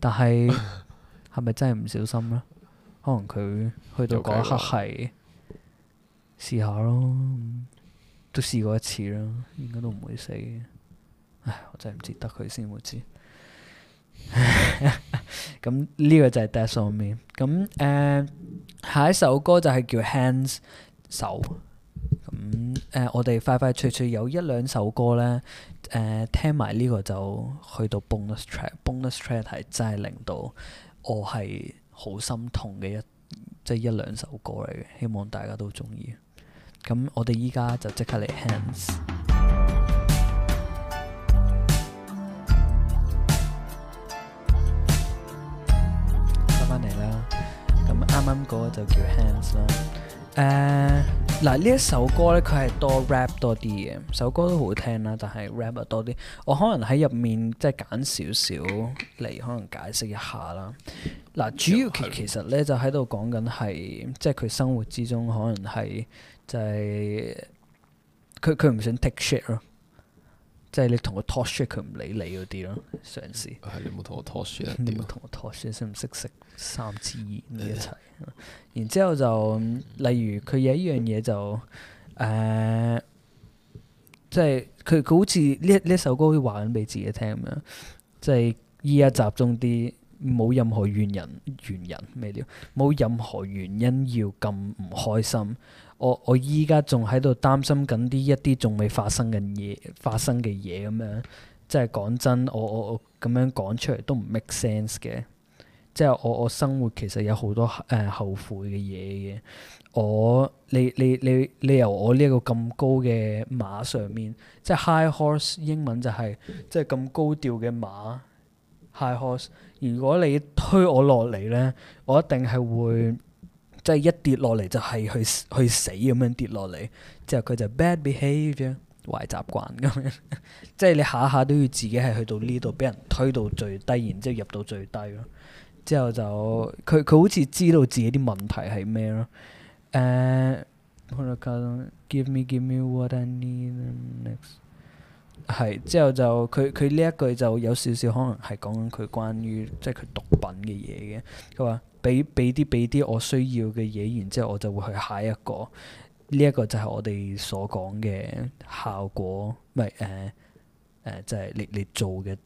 但係係咪真係唔小心咧？可能佢去到嗰一刻係試下咯，都試過一次啦，應該都唔會死嘅。唉，我真係唔知，得佢先會知。咁呢 個就係 That's on me。咁誒 I mean、嗯、下一首歌就係叫 Hands 手。咁誒、嗯嗯、我哋快快脆脆有一兩首歌咧，誒、嗯、聽埋呢個就去到 bonus track。 bonus track 係真係令到我係好心痛嘅一即係、就是、一兩首歌嚟嘅，希望大家都中意。咁、嗯、我哋依家就即刻嚟 Hands。啱啱嗰個就叫 Hands 啦、呃，誒嗱呢一首歌咧佢係多 rap 多啲嘅，首歌都好聽啦，但係 rap 多啲。我可能喺入面即係揀少少嚟可能解釋一下啦。嗱，主要其其實咧就喺度講緊係即係佢生活之中可能係就係佢佢唔想 take shit 咯。即係你同佢 talk shit，佢唔理你嗰啲咯，嘗試。係、哎、你冇同我 talk shit，你冇同我 talk shit，先唔識食？三知二你一齊。然之後就，例如佢有一樣嘢就，誒、 呃，即係佢佢好似呢呢首歌佢話緊俾自己聽咁樣，即係依家集中啲冇任何怨人怨人咩料，冇任何原因要咁唔開心。我我依家仲喺度擔心緊啲一啲仲未發生嘅嘢，發生嘅嘢咁樣，即係講真，真，我我我咁樣講出嚟都唔 make sense 嘅。即係我我生活其實有好多誒、呃、後悔嘅嘢嘅。我你你你你由我呢一個咁高嘅馬上面，即係 high horse 英文就係、是、即係咁高調嘅馬 high horse。如果你推我落嚟咧，我一定係會。即係一跌落嚟就係去去死咁樣跌落嚟，之後佢就 bad behaviour 壞習慣咁樣呵呵，即係你下下都要自己係去到呢度，俾人推到最低，然之後入到最低咯。之後就佢佢好似知道自己啲問題係咩咯。誒，uh，Give me give me what I need next。係之後就佢佢呢一句就有少少可能係講緊佢關於即係佢毒品嘅嘢嘅。佢話。俾俾啲俾啲我需要嘅嘢，然之後我就會去下一個。呢、這、一個就係我哋所講嘅效果，唔係誒誒，就係、是、你你做嘅誒、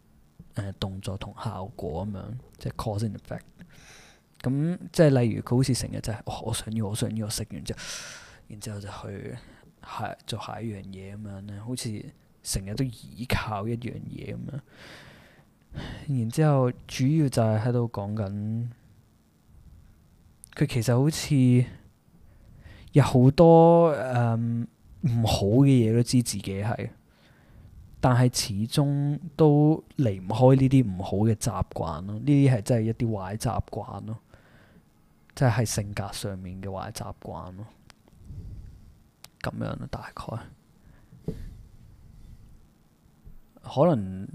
呃、動作同效果咁樣，即係 cause and effect。咁、嗯、即係例如佢好似成日就係、是哦、我想要我想要我食完之後，然之後就去係做下一樣嘢咁樣咧，好似成日都倚靠一樣嘢咁樣。然之後主要就係喺度講緊。佢其實好似有多、嗯、好多誒唔好嘅嘢都知自己係，但係始終都離唔開呢啲唔好嘅習慣咯。呢啲係真係一啲壞習慣咯，即係性格上面嘅壞習慣咯。咁樣大概可能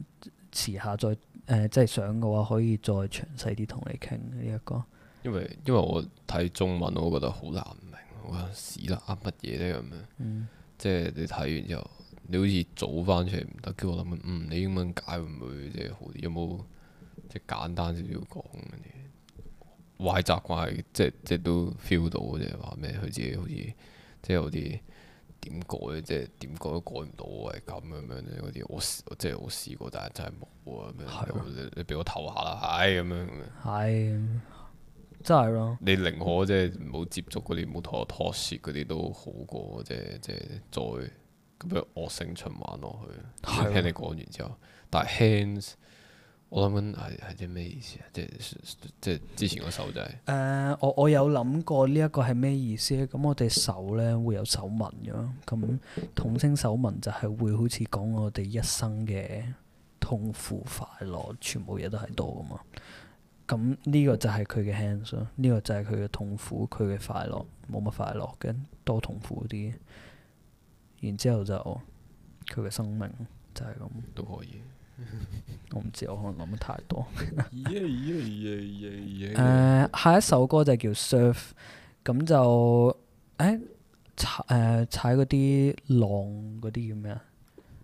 遲下再、呃、即係想嘅話，可以再詳細啲同你傾呢一個。因為因為我睇中文我，我覺得好難明，我話死啦乜嘢呢？咁樣，即係你睇完之後，你好似組返出嚟唔得，叫我諗，嗯，你英文解會唔會即係好啲？有冇即係簡單少少講嗰啲？壞習慣即係即係都 feel 到即係話咩？佢自己好似即係有啲點改，即係點改都改唔到，係咁樣樣。嗰啲我試，即係我試過，但係真係冇是啊，啊。你俾我唞下啦，唉咁樣咁樣。係。.真係咯，你寧可即係唔好接觸嗰啲，唔好同我拖舌嗰啲都好過，即係即係再咁樣惡性循環落去。聽你講完之後，但 hands 我諗緊係係啲咩意思啊？即係即係之前個手就係我我有諗過呢一個係咩意思咧？咁我哋手咧會有手紋嘅，咁統稱手紋就係會好似講我哋一生嘅痛苦、快樂，全部嘢都喺度㗎嘛。咁呢、嗯這個就係佢嘅 hands 咯，呢個就係佢嘅痛苦，佢嘅快樂，冇乜快樂嘅，多痛苦啲。然之後就佢嘅生命就係咁。都可以。 我唔知，我可能諗得太多。誒，下一首歌就叫 Surf，咁就誒踩誒、呃、踩嗰啲浪嗰啲叫咩啊？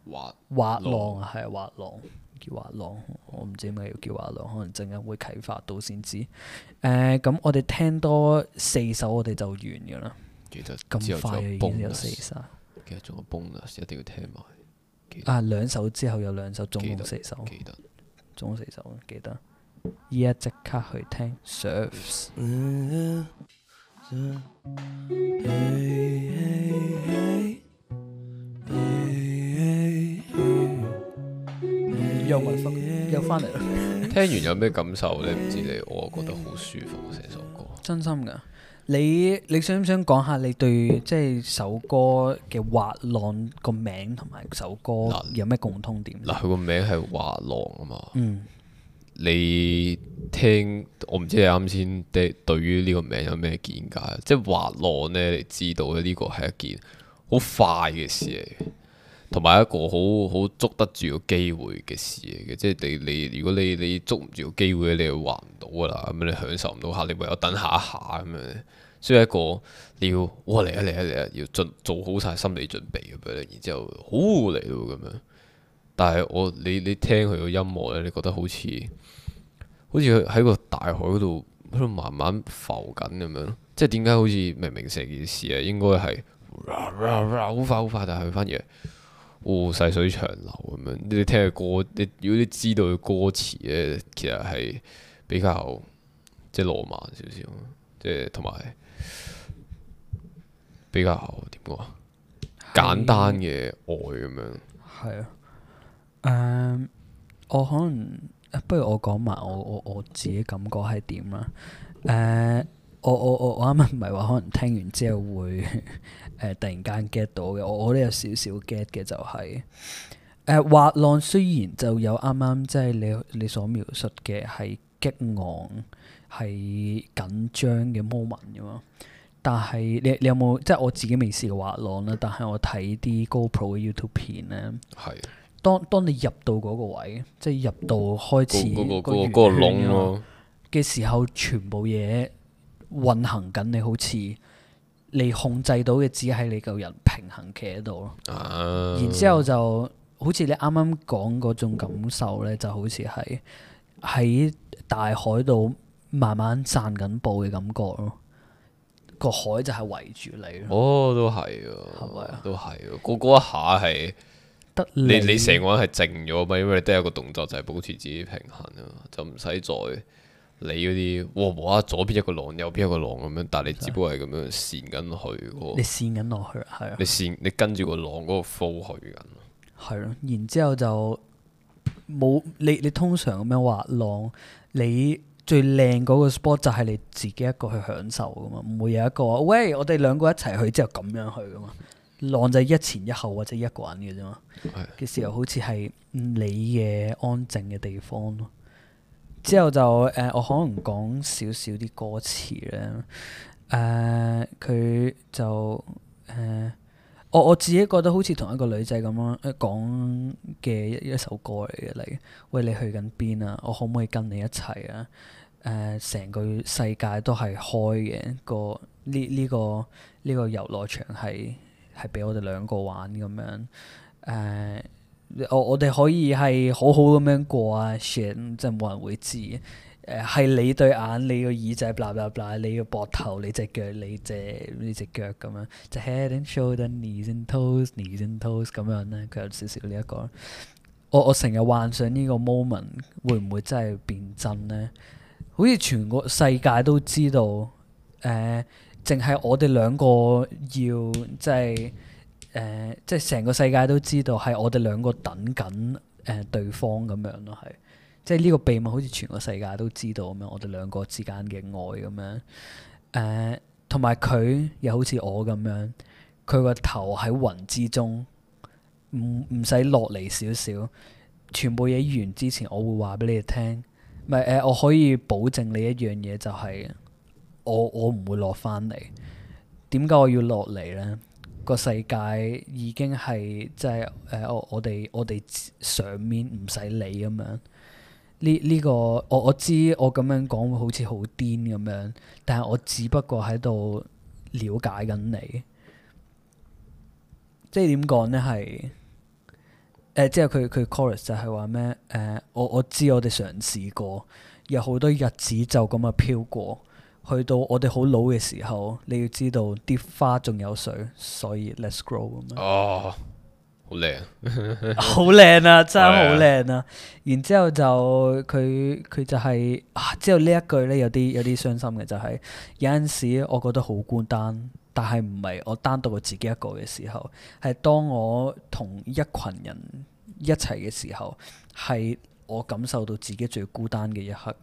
滑滑浪，係滑浪。滑浪叫阿朗，我唔知點解要叫阿朗，可能陣間會啟發到先知。誒、呃，咁、嗯嗯、我哋聽多四首，我哋就完嘅啦。記得咁快、啊、有四、bon、首。記得仲有 bonus 一定要聽埋。啊，兩首之後有兩首總共四首，得首。記得，記得，總共四首。記得依家即刻去聽。 又翻嚟，又翻嚟啦！聽完有咩感受咧？唔知你，我覺得好舒服成首歌。真心㗎，你你想唔想講下你對即係首歌嘅滑浪個名同埋首歌有咩共通點？嗱，佢個名係滑浪啊嘛。嗯。你聽，我唔知你啱先對對於呢個名有咩見解？即係滑浪咧，你知道咧，呢個係一件好快嘅事嚟。同埋一個好好捉得住個機會嘅事嚟嘅，即係你你如果你你捉唔住個機會，你又還唔到噶啦，咁你享受唔到下，你唯有等下一下咁樣，所以一個你要哇嚟啊嚟啊嚟啊，要準做好晒心理準備咁樣，然之後好嚟到咁樣。但係我你你聽佢嘅音樂咧，你覺得好似好似喺個大海嗰度喺度慢慢浮緊咁樣，即係點解好似明明成件事啊，應該係好、呃呃呃、快好快，快，但係佢反而～哦，細水長流咁樣，你聽嘅歌，你如果你知道嘅歌詞咧，其實係比較即係浪漫少少，即係同埋比較點講簡單嘅愛咁樣。係啊，誒、啊呃，我可能不如我講埋我我我自己感覺係點啊？誒、呃。我我我我啱啱唔係話可能聽完之後會誒、 呃、突然間 get 到嘅，我我都有少少 get 嘅就係、是、誒、呃、滑浪雖然就有啱啱即係你你所描述嘅係激昂係緊張嘅 moment 㗎嘛，但係你你有冇即係我自己未試過滑浪咧？但係我睇啲 GoPro 嘅 YouTube 片咧，係的當當你入到嗰個位，即、就、係、是、入到開始嗰個嗰個嗰個窿嘅時候，全部嘢。運行緊，你好似你控制到嘅只係你個人平衡企喺度咯。啊、然之後就好似你啱啱講嗰種感受呢，就好似係喺大海度慢慢散緊步嘅感覺咯。個海就係圍住你咯。哦，都係啊，係咪啊？都係啊，嗰嗰一下係得理你你成個人係靜咗嘛？因為你得有個動作就係保持自己平衡啊，就唔使再。你嗰啲哇哇，左邊一個浪，右邊一個浪咁樣，但係你只不過係咁樣扇緊佢喎。那個、你扇緊落去啊，係啊！你扇，你跟住個浪嗰個 flow 去緊。係咯，然之後就冇你，你通常咁樣滑浪，你最靚嗰個 sport 就係你自己一個去享受噶嘛，唔會有一個喂，我哋兩個一齊去之後咁樣去噶嘛。浪就一前一後或者一個人嘅啫嘛，嘅的時候好似係你嘅安靜嘅地方咯。之後就誒、呃，我可能講少少啲歌詞啦。誒、呃，佢就誒，我、呃、我自己覺得好似同一個女仔咁樣講嘅、呃、一,一首歌嚟嘅嚟。喂，你去緊邊啊？我可唔可以跟你一齊啊？誒、呃，成個世界都係開嘅一個呢呢個呢個遊樂場係係俾我哋兩個玩咁樣誒。呃哦、我哋可以係好好咁樣過啊！shit，即係冇人會知。誒、呃，係你對眼，你個耳仔，bla bla bla 你個膊頭，你隻腳，你隻你隻腳咁樣。就 head and shoulders，knees and toes，knees and toes 咁樣咧、啊，佢有少少呢一個。我我成日幻想呢個 moment 會唔會真係變真咧？好似全個世界都知道，誒、呃，淨係我哋兩個要即係。誒、呃，即係成個世界都知道係我哋兩個等緊誒、呃、對方咁樣咯，係即係呢個秘密好似全個世界都知道咁樣，我哋兩個之間嘅愛咁樣。誒、呃，同埋佢又好似我咁樣，佢個頭喺雲之中，唔唔使落嚟少少，全部嘢完之前，我會話俾你哋聽。唔係誒，我可以保證你一樣嘢就係、是，我我唔會落翻嚟。點解我要落嚟咧？個世界已經係即係誒，我我哋我哋上面唔使理咁樣。呢呢、這個我我知，我咁樣講會好似好癲咁樣，但係我只不過喺度了解緊你。即係點講咧？係誒、呃，即係佢佢 chorus 就係話咩？誒、呃，我我知，我哋嘗試過，有好多日子就咁啊飄過。去到我哋好老嘅時候，你要知道啲花仲有水，所以 let's grow 咁樣。哦，好靚，好 靚啊，真係好靚啊！然之後就佢佢就係啊，之後呢一句呢，有啲有啲傷心嘅，就是，就係有陣時我覺得好孤單，但係唔係我單獨我自己一個嘅時候，係當我同一群人一齊嘅時候，係我感受到自己最孤單嘅一刻。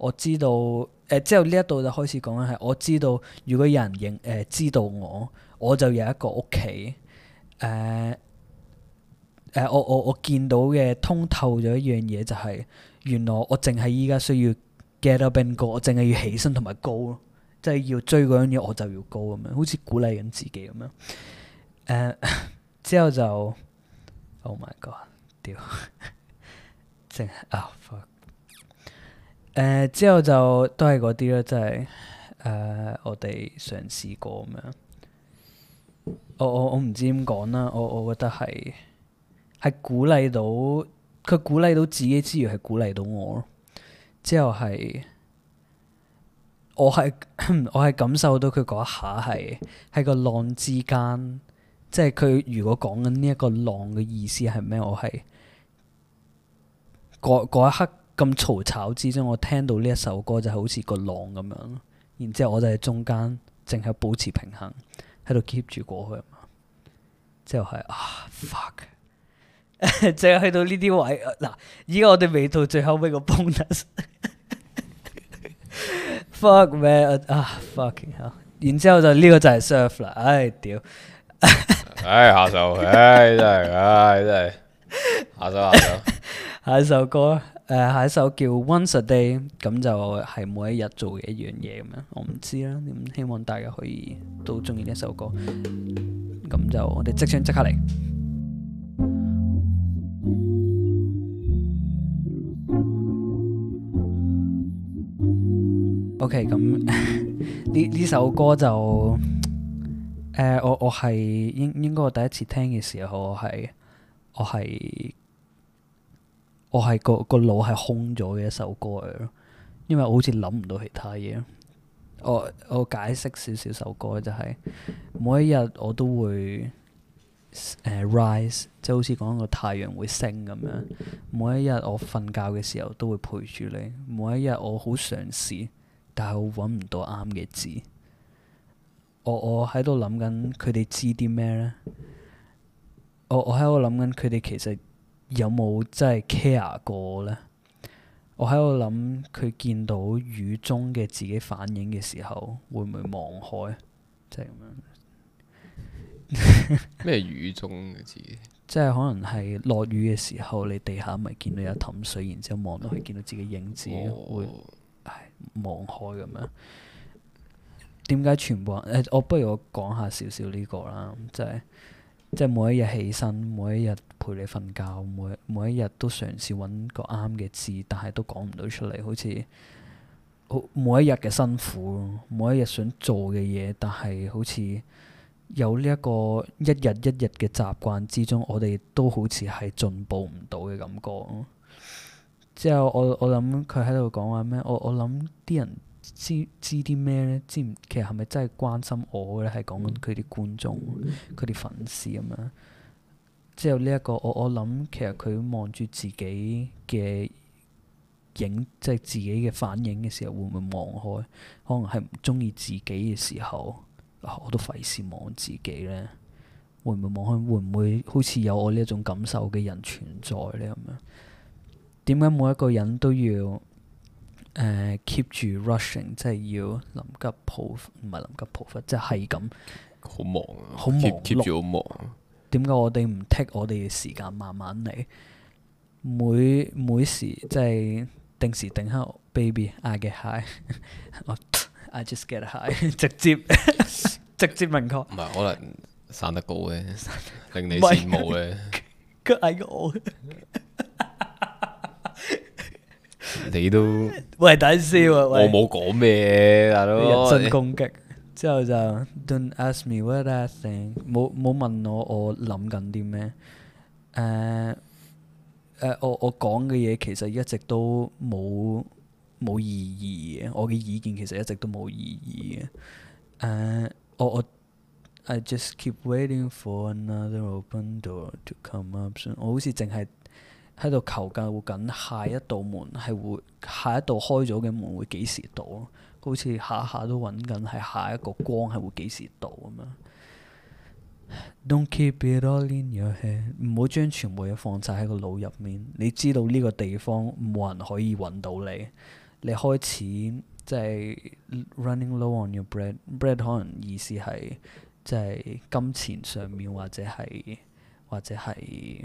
我知道，誒、呃、之後呢一度就開始講緊係，我知道如果有人認誒、呃、知道我，我就有一個屋企，誒、呃、誒、呃，我我我見到嘅通透咗一樣嘢就係，原來我淨係依家需要 get up and go，我淨係要起身同埋高咯，即係要追嗰樣嘢我就要高咁樣，好似鼓勵緊自己咁樣。誒、之後就，oh my god，屌，淨係啊。Oh, fuck」誒、呃，之後就都係嗰啲啦，即係誒、呃，我哋嘗試過咁樣。我我我唔知點講啦，我我，我，我覺得係係鼓勵到，佢鼓勵到自己之餘，係鼓勵到我。之後係我係 我係感受到佢嗰一下係喺個浪之間，即係佢如果講緊呢一個浪嘅意思係咩？我係嗰嗰一刻。咁嘈吵之中，我聽到呢一首歌就好似個浪咁樣，然之後我就喺中間淨係保持平衡，喺度 keep 住過去，之、啊、 就係啊 fuck，就係去到呢啲位。嗱，依家我哋未到最後尾個 bonus，fuck man 啊 fuck，然之後就呢、這個就係 surf 啦。唉、哎，屌，唉、 哎、下首，唉、哎、真係，唉、哎、真係，下首下首，下一首歌。 誒、uh, 下一首叫 Once a Day 咁就係每一日做嘅一樣嘢咁樣，我唔知啦。咁希望大家可以都中意呢首歌，咁就我哋即唱即刻嚟。OK，咁呢呢首歌就誒、呃，我我係應應該我第一次聽嘅時候，我係我係。我係個個腦係空咗嘅一首歌嚟咯，因為我好似諗唔到其他嘢。我我解釋少少首歌就係、是、每一日我都會誒、uh, rise，即係好似講個太陽會升咁樣。每一日我瞓覺嘅時候都會陪住你。每一日我好嘗試，但係我揾唔到啱嘅字。我我喺度諗緊佢哋知啲咩咧？我呢我喺度諗緊佢哋其實，有冇真係 care 過我呢？我喺度諗，佢見到雨中嘅自己反應嘅時候，會唔會望開？即係咁樣。咩 雨中嘅自己？即係可能係落雨嘅時候，你地下咪見到有一氹水，然之後望落去見到自己影子，哦、會唉望開咁樣。點解全部人？誒，我不如我講下少少呢個啦，即係。即係每一日起身，每一日陪你瞓覺，每每一日都嘗試揾個啱嘅字，但係都講唔到出嚟，好似好每一日嘅辛苦，每一日想做嘅嘢，但係好似有呢一個一日一日嘅習慣之中，我哋都好似係進步唔到嘅感覺咯。之後我我諗佢喺度講話咩？我我諗啲人。知知啲咩咧？知唔其實係咪真係關心我咧？係講緊佢啲觀眾、佢啲、嗯、粉絲咁樣。之後呢、這、一個，我我諗其實佢望住自己嘅影，即、就、係、是、自己嘅反應嘅時候，會唔會望開？可能係唔中意自己嘅時候，啊、我都費事望自己咧。會唔會望開？會唔會好似有我呢一種感受嘅人存在咧？咁樣點解每一個人都要？誒、uh,，keep 住 rushing，即係要臨急抱，唔係臨急抱佛，即係咁，好忙啊，好忙，keep 住好忙。點解我哋唔 take？我哋嘅時間慢慢嚟，每每時即係定時定刻，baby，I get high，I just get high，直接 直接明確。唔係可能生得高嘅， 令你羨慕嘅，個矮個。你都喂，等先，我冇講咩，大佬人身攻擊。之後就 Don't ask me what I think，冇冇問我我諗緊啲咩？誒誒，我我講嘅嘢，其實一直都冇冇意義嘅，我嘅意見其實一直都冇意義嘅。誒，我我 I just keep waiting for another open door to come up。我好似淨係。喺度求救緊，下一道門係會下一道開咗嘅門會幾時到？好似下下都揾緊，係下一個光係會幾時到啊？咁樣。Don't keep it all in your head，唔好將全部嘢放晒喺個腦入面。你知道呢個地方冇人可以揾到你。你開始即係、就是、running low on your bread，bread bread 可能意思係即係金錢上面，或者係或者係。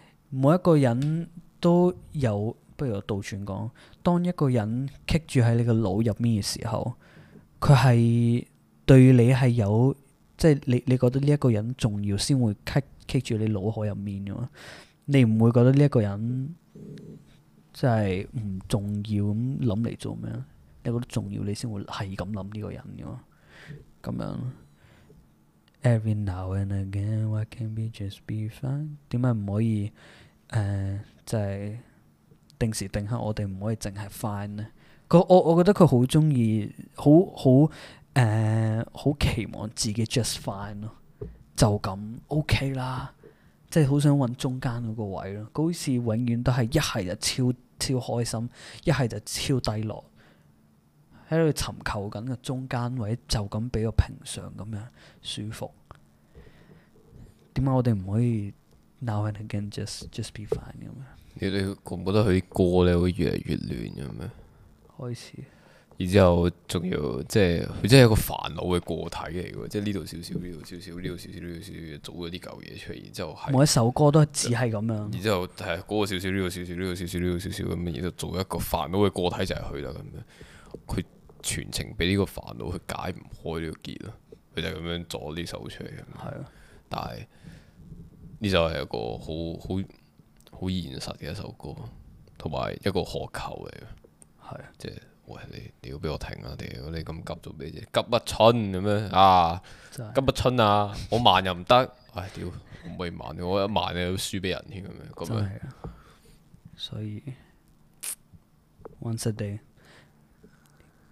每一個人都有，不如我倒轉講，當一個人棘住喺你個腦入面嘅時候，佢係對你係有，即係你你覺得呢一個人重要，先會棘住你腦海入面嘅嘛？你唔會覺得呢一個人即係唔重要咁諗嚟做咩？你覺得重要，你先會係咁諗呢個人嘅嘛？咁樣。Every now and again, why 誒、uh, 就係定時定刻，我哋唔可以淨係 fine 咧。佢我我覺得佢好中意，好好誒好期望自己 just fine 咯、okay，就咁 OK 啦。即係好想揾中間嗰、那個位咯。佢好似永遠都係一係就超超開心，一係就超低落。喺度尋求緊個中間位，就咁比較平常咁樣舒服。點解我哋唔可以？Now and again just just be fine 咁啊！你你覺唔覺得佢啲歌咧會越嚟越亂咁啊？開始。然之後仲要即係佢真係一個煩惱嘅個體嚟嘅喎，即係呢度少少，呢度少少，呢度少少，呢度少少，做咗啲舊嘢出嚟，然之後係每一首歌都係只係咁樣。然之後係嗰個少少，呢個少少，呢個少少，呢個少少咁啊！然之後做一個煩惱嘅個體就係佢啦咁樣！佢全程俾呢個煩惱去解唔開呢個結啊！佢就咁樣做呢首出嚟咁啊！係啊，但係。呢就係一個好好好現實嘅一首歌，同埋一個渴求嚟嘅。係的啊，即係喂你屌，俾我聽啊！屌你咁急做咩啫？急乜春？咁樣啊？急乜春啊！我慢又唔得，唉、哎、屌唔可以慢我一慢你都輸俾人添咁樣咁啊。所以，Once a day，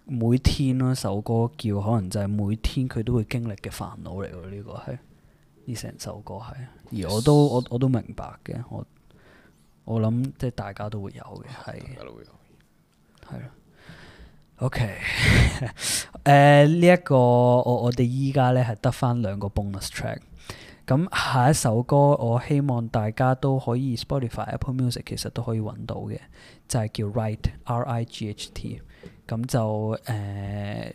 每天咯、啊、首歌叫可能就係每天佢都會經歷嘅煩惱嚟㗎。呢、呢個係呢成首歌係。而我都我我都明白嘅，我我諗即係大家都會有嘅，係係啦。OK，誒、 呃這個、呢一個我我哋依家咧係得翻兩個 bonus track。咁下一首歌，我希望大家都可以 Spotify、Apple Music 其實都可以搵到嘅，就係、是、叫 Right R I G H T。咁就誒。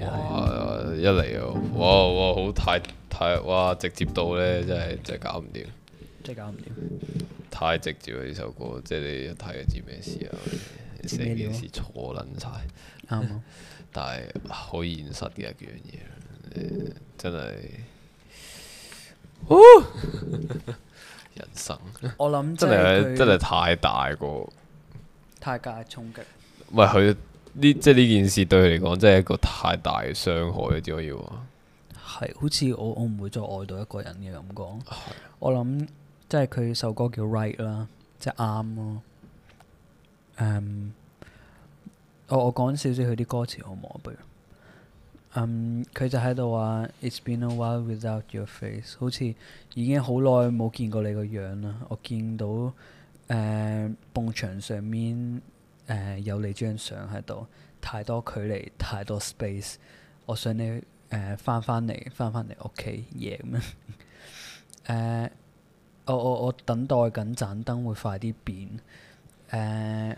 哇！一嚟哦，哇哇好太太哇直接到咧，真係真係搞唔掂，真係搞唔掂。太直接啦！呢首歌，即係你一睇就知咩事啊，成件事錯捻晒。啱啊！但係好現實嘅一樣嘢，真係。哦！人生，我諗真係真係太大個，太大衝擊。喂，佢。呢即係呢件事對佢嚟講，真係一個太大嘅傷害啊！只可以話係，好似我我唔會再愛到一個人嘅感覺。是我諗即係佢首歌叫 Right 啦，啊，即係啱咯。我我講少少佢啲歌詞好唔好啊？不、um, 如，佢就喺度話 It's been a while without your face，好似已經好耐冇見過你個樣啦。我見到誒，幕、uh, 牆上面。誒、呃、有你張相喺度，太多距離，太多 space。我想你誒翻翻嚟，翻返嚟屋企夜咁樣。誒、OK, yeah, 呃，我我我等待緊盞燈會快啲變。誒、呃、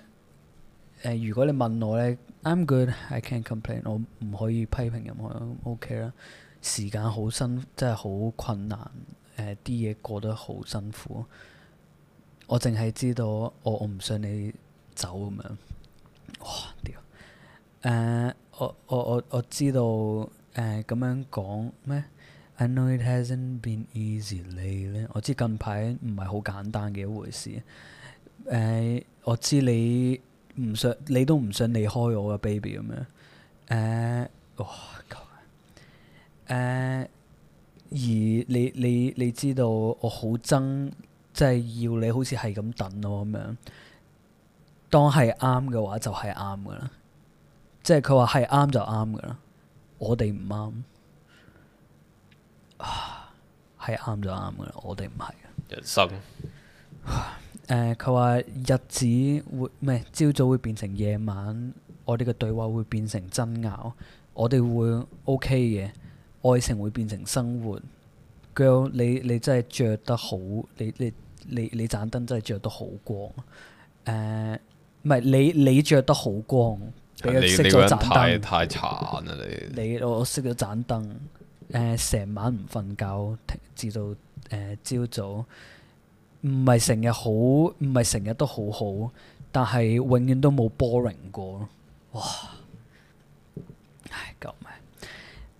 誒、呃，如果你問我咧，I'm good, I can't complain。我唔可以批評任何人。OK 啦，時間好辛，真係好困難。誒啲嘢過得好辛苦。我淨係知道，我我唔信你。走咁樣，哇、哦、屌！誒、啊 uh,，我我我我知道誒咁、呃、樣講咩 I know it hasn't been easy 你 a 我知近排唔係好簡單嘅一回事。誒、uh,，我知你唔想，你都唔想離開我啊，baby 咁樣。誒、呃，哇靠！誒，uh, 而你你你知道我好憎，即係要你好似係咁等我咁樣。當係啱嘅話就係啱噶啦，即係佢話係啱就啱噶啦，我哋唔啱，係啱就啱噶啦，我哋唔係。人生心，誒，佢、呃、話日子會咩？朝早會變成夜晚，我哋嘅對話會變成爭拗，我哋會 OK 嘅，愛情會變成生活，Girl，你你真係着得好，你你你你盞燈真係着得好光，誒、呃。唔係你，你着得好光，俾熄咗盞燈。你，你太 太殘你你我熄咗盞燈，誒、呃、成晚唔瞓覺，直到誒朝、呃、早。唔係成日好，唔係成日都好好，但係永遠都冇 boring 過。哇！唉，救命！誒、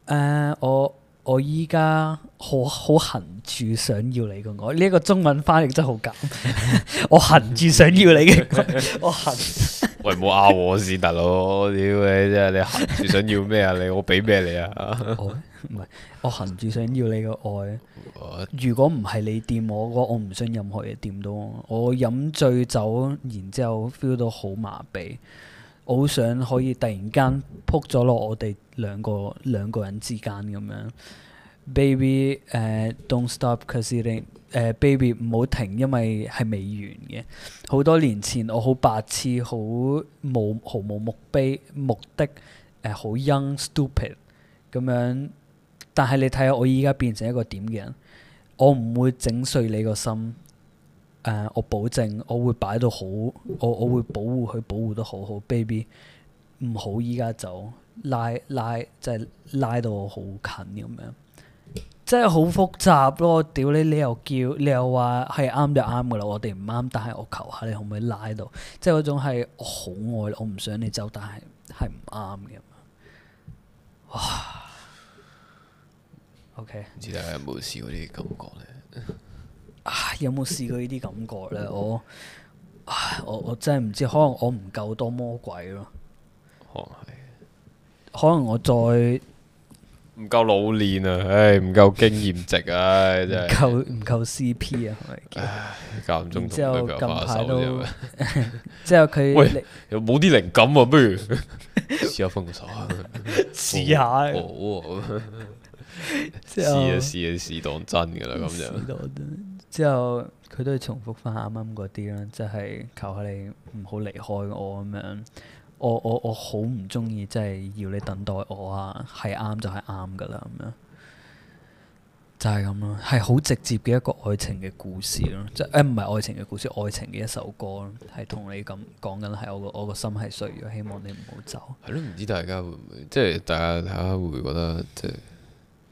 呃、我。我依家好好恨住想要你嘅愛，呢、這、一個中文翻譯真係好夾。 我恨住想要你嘅，我恨。 喂，唔好拗我先得咯！屌你真係，你恨住想要咩 啊？你我俾咩你啊？我唔係，我恨住想要你嘅愛。如果唔係你掂我嘅話，我唔信任何嘢掂到我。我飲醉酒，然之後 feel 到好麻痹。我好想可以突然間撲咗落我哋兩個兩個人之間咁樣，baby、uh, don't stop cause you're 你誒 baby 唔好停，因為係未完嘅。好多年前我好白痴，好冇毫無目標目的，好、uh, young stupid 咁樣。但係你睇下我依家變成一個點嘅人，我唔會整碎你個心。誒，uh, 我保證，我會擺到好，我我會保護佢，保護得好 Baby, 好，baby。唔好依家就拉拉，拉即係、拉即係拉到我好近咁樣，真係好複雜咯。屌你，你又叫，你又話係啱就啱噶啦，我哋唔啱，但係我求，求下你可唔可以拉到？即係嗰種係我好愛，我唔想你走，但係係唔啱嘅。哇！OK，唔知大家有冇試過呢啲感覺咧？ 有冇試過呢啲感覺咧？我，我我真係唔知，可能我唔夠多魔鬼咯。可能係，可能我再唔夠老練啊！唉，唔夠經驗值啊！真係唔夠唔夠 CP 啊！唉，夾唔中，之後近排都之後佢喂又冇啲靈感啊！不如試下分個手，試下哦，試啊試啊試，當真噶啦咁樣。之後佢都係重複翻啱啱嗰啲啦，即係求下你唔好離開我咁樣。我我我好唔中意，即係要你等待我啊！係啱就係啱噶啦，咁樣就係咁咯。係好直接嘅一個愛情嘅故事咯，即係誒唔係愛情嘅故事，愛情嘅一首歌咯，係同你咁講緊，係我個我個心係碎咗，希望你唔好走。係咯，唔知大家會唔會即係大家睇下會唔會覺得即係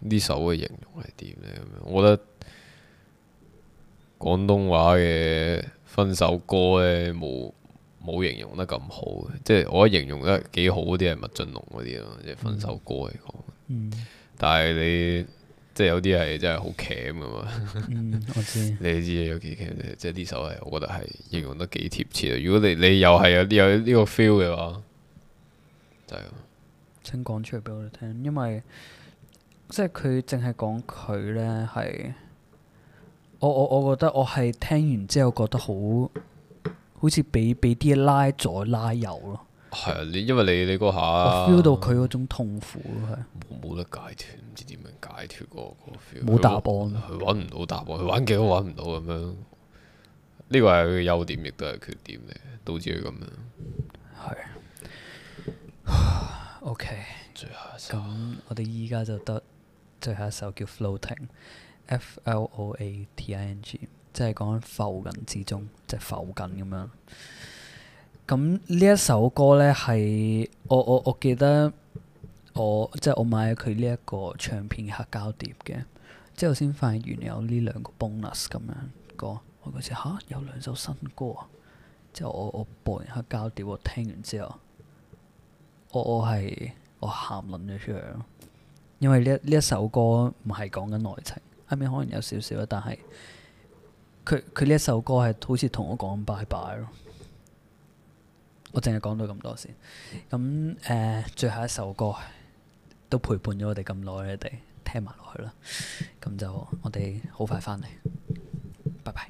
呢首嘅形容係點咧？咁樣我覺得。廣東話嘅分手歌呢，冇冇形容得咁好。即係我形容得幾好啲係麥浚龍嗰啲咯，嗯、即係分手歌嚟講。嗯、但係你即係有啲係真係好 cam 嘛、嗯？我知。 你知有幾 cam 嘅？即係呢首係，我覺得係形容得幾貼切。如果你你又係有有呢個 feel 嘅話，就係、噉、請講出嚟俾我哋聽，因為即係佢淨係講佢呢係。我我我覺得我係聽完之後覺得好好似俾俾啲拉左拉右咯。係啊，你因為你你嗰下 feel 到佢嗰種痛苦咯，係。冇得解脫，唔知點樣解脫個個 feel。冇 fe 答案。佢揾唔到答案，揾幾都揾唔到咁樣。呢個係佢嘅優點，亦都係缺點嚟，導致佢咁樣。係。O、okay, K，最後一首。咁我哋依家就得最後一首叫 Floating。Floating，即係講緊浮緊之中，即係、就是、浮緊咁樣。咁呢一首歌咧，係我我我記得我即係、就是、我買佢呢一個唱片黑膠碟嘅，之後先發現原來有呢兩個 bonus 咁樣歌。我嗰時吓，有兩首新歌啊！之後我我播完黑膠碟，我聽完之後，我我係我喊撚咗出嚟咯，因為呢呢一首歌唔係講緊內情。咁樣可能有少少啊，但係佢佢呢一首歌係好似同我講拜拜咯。我淨係講到咁多先。咁誒、呃，最後一首歌都陪伴咗我哋咁耐，你哋聽埋落去啦。咁就我哋好快翻嚟，拜拜。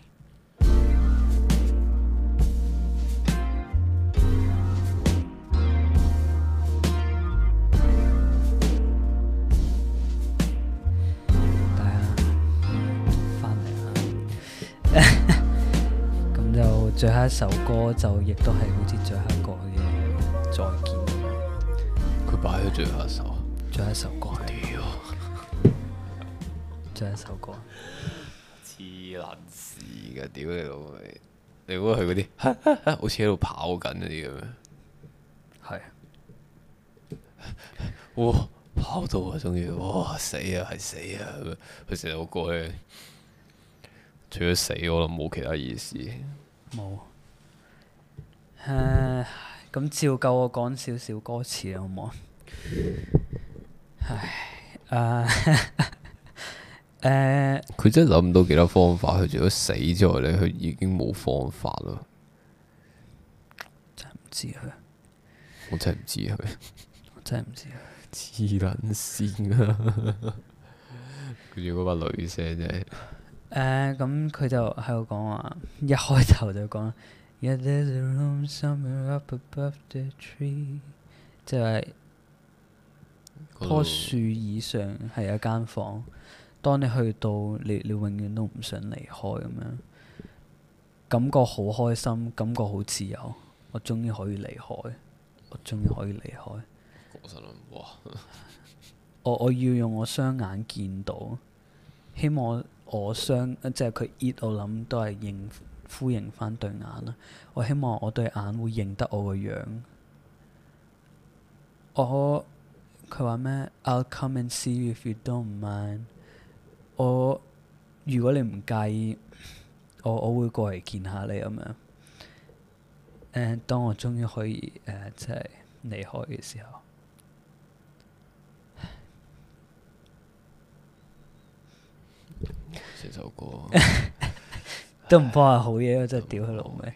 咁就 最後一首歌就亦都係好似最後一個嘅再見。佢擺咗最後一首。最後一首歌屌。最後一首歌。黐撚事嘅屌你老味。你會唔會佢嗰啲？好似喺度跑緊嗰啲咁樣。係 是。哇，跑到啊終於。哇死啊，係死啊。佢成日好過嘅。除咗死，我諗冇其他意思。冇。唉，咁照舊我講少少歌詞啦，好唔好？唉，誒，佢真係諗唔到其他方法，佢除咗死之外咧，佢已經冇方法咯。真係唔知佢。我真係唔知佢。我真係唔知佢，黐捻 線啊！佢如果把女聲真係～誒，咁佢、uh, 就喺度講話，一開頭就講、 yeah,，There's a room somewhere up above the tree，即係樖樹以上係一間房。當你去到，你你永遠都唔想離開咁樣，感覺好開心，感覺好自由。我終於可以離開，我終於可以離開。 我我我要用我雙眼見到，希望。我想即係佢熱到諗都係認呼認翻對眼啦！我希望我對眼會認得我個樣。我佢話咩？I'll come and see you if you don't mind 我。我如果你唔介意，我我會過嚟見下你咁樣。誒，當我終於可以誒，即、呃、係、係、離開嘅時候。成首歌 都唔怕係好嘢咯，真係屌佢老味。樣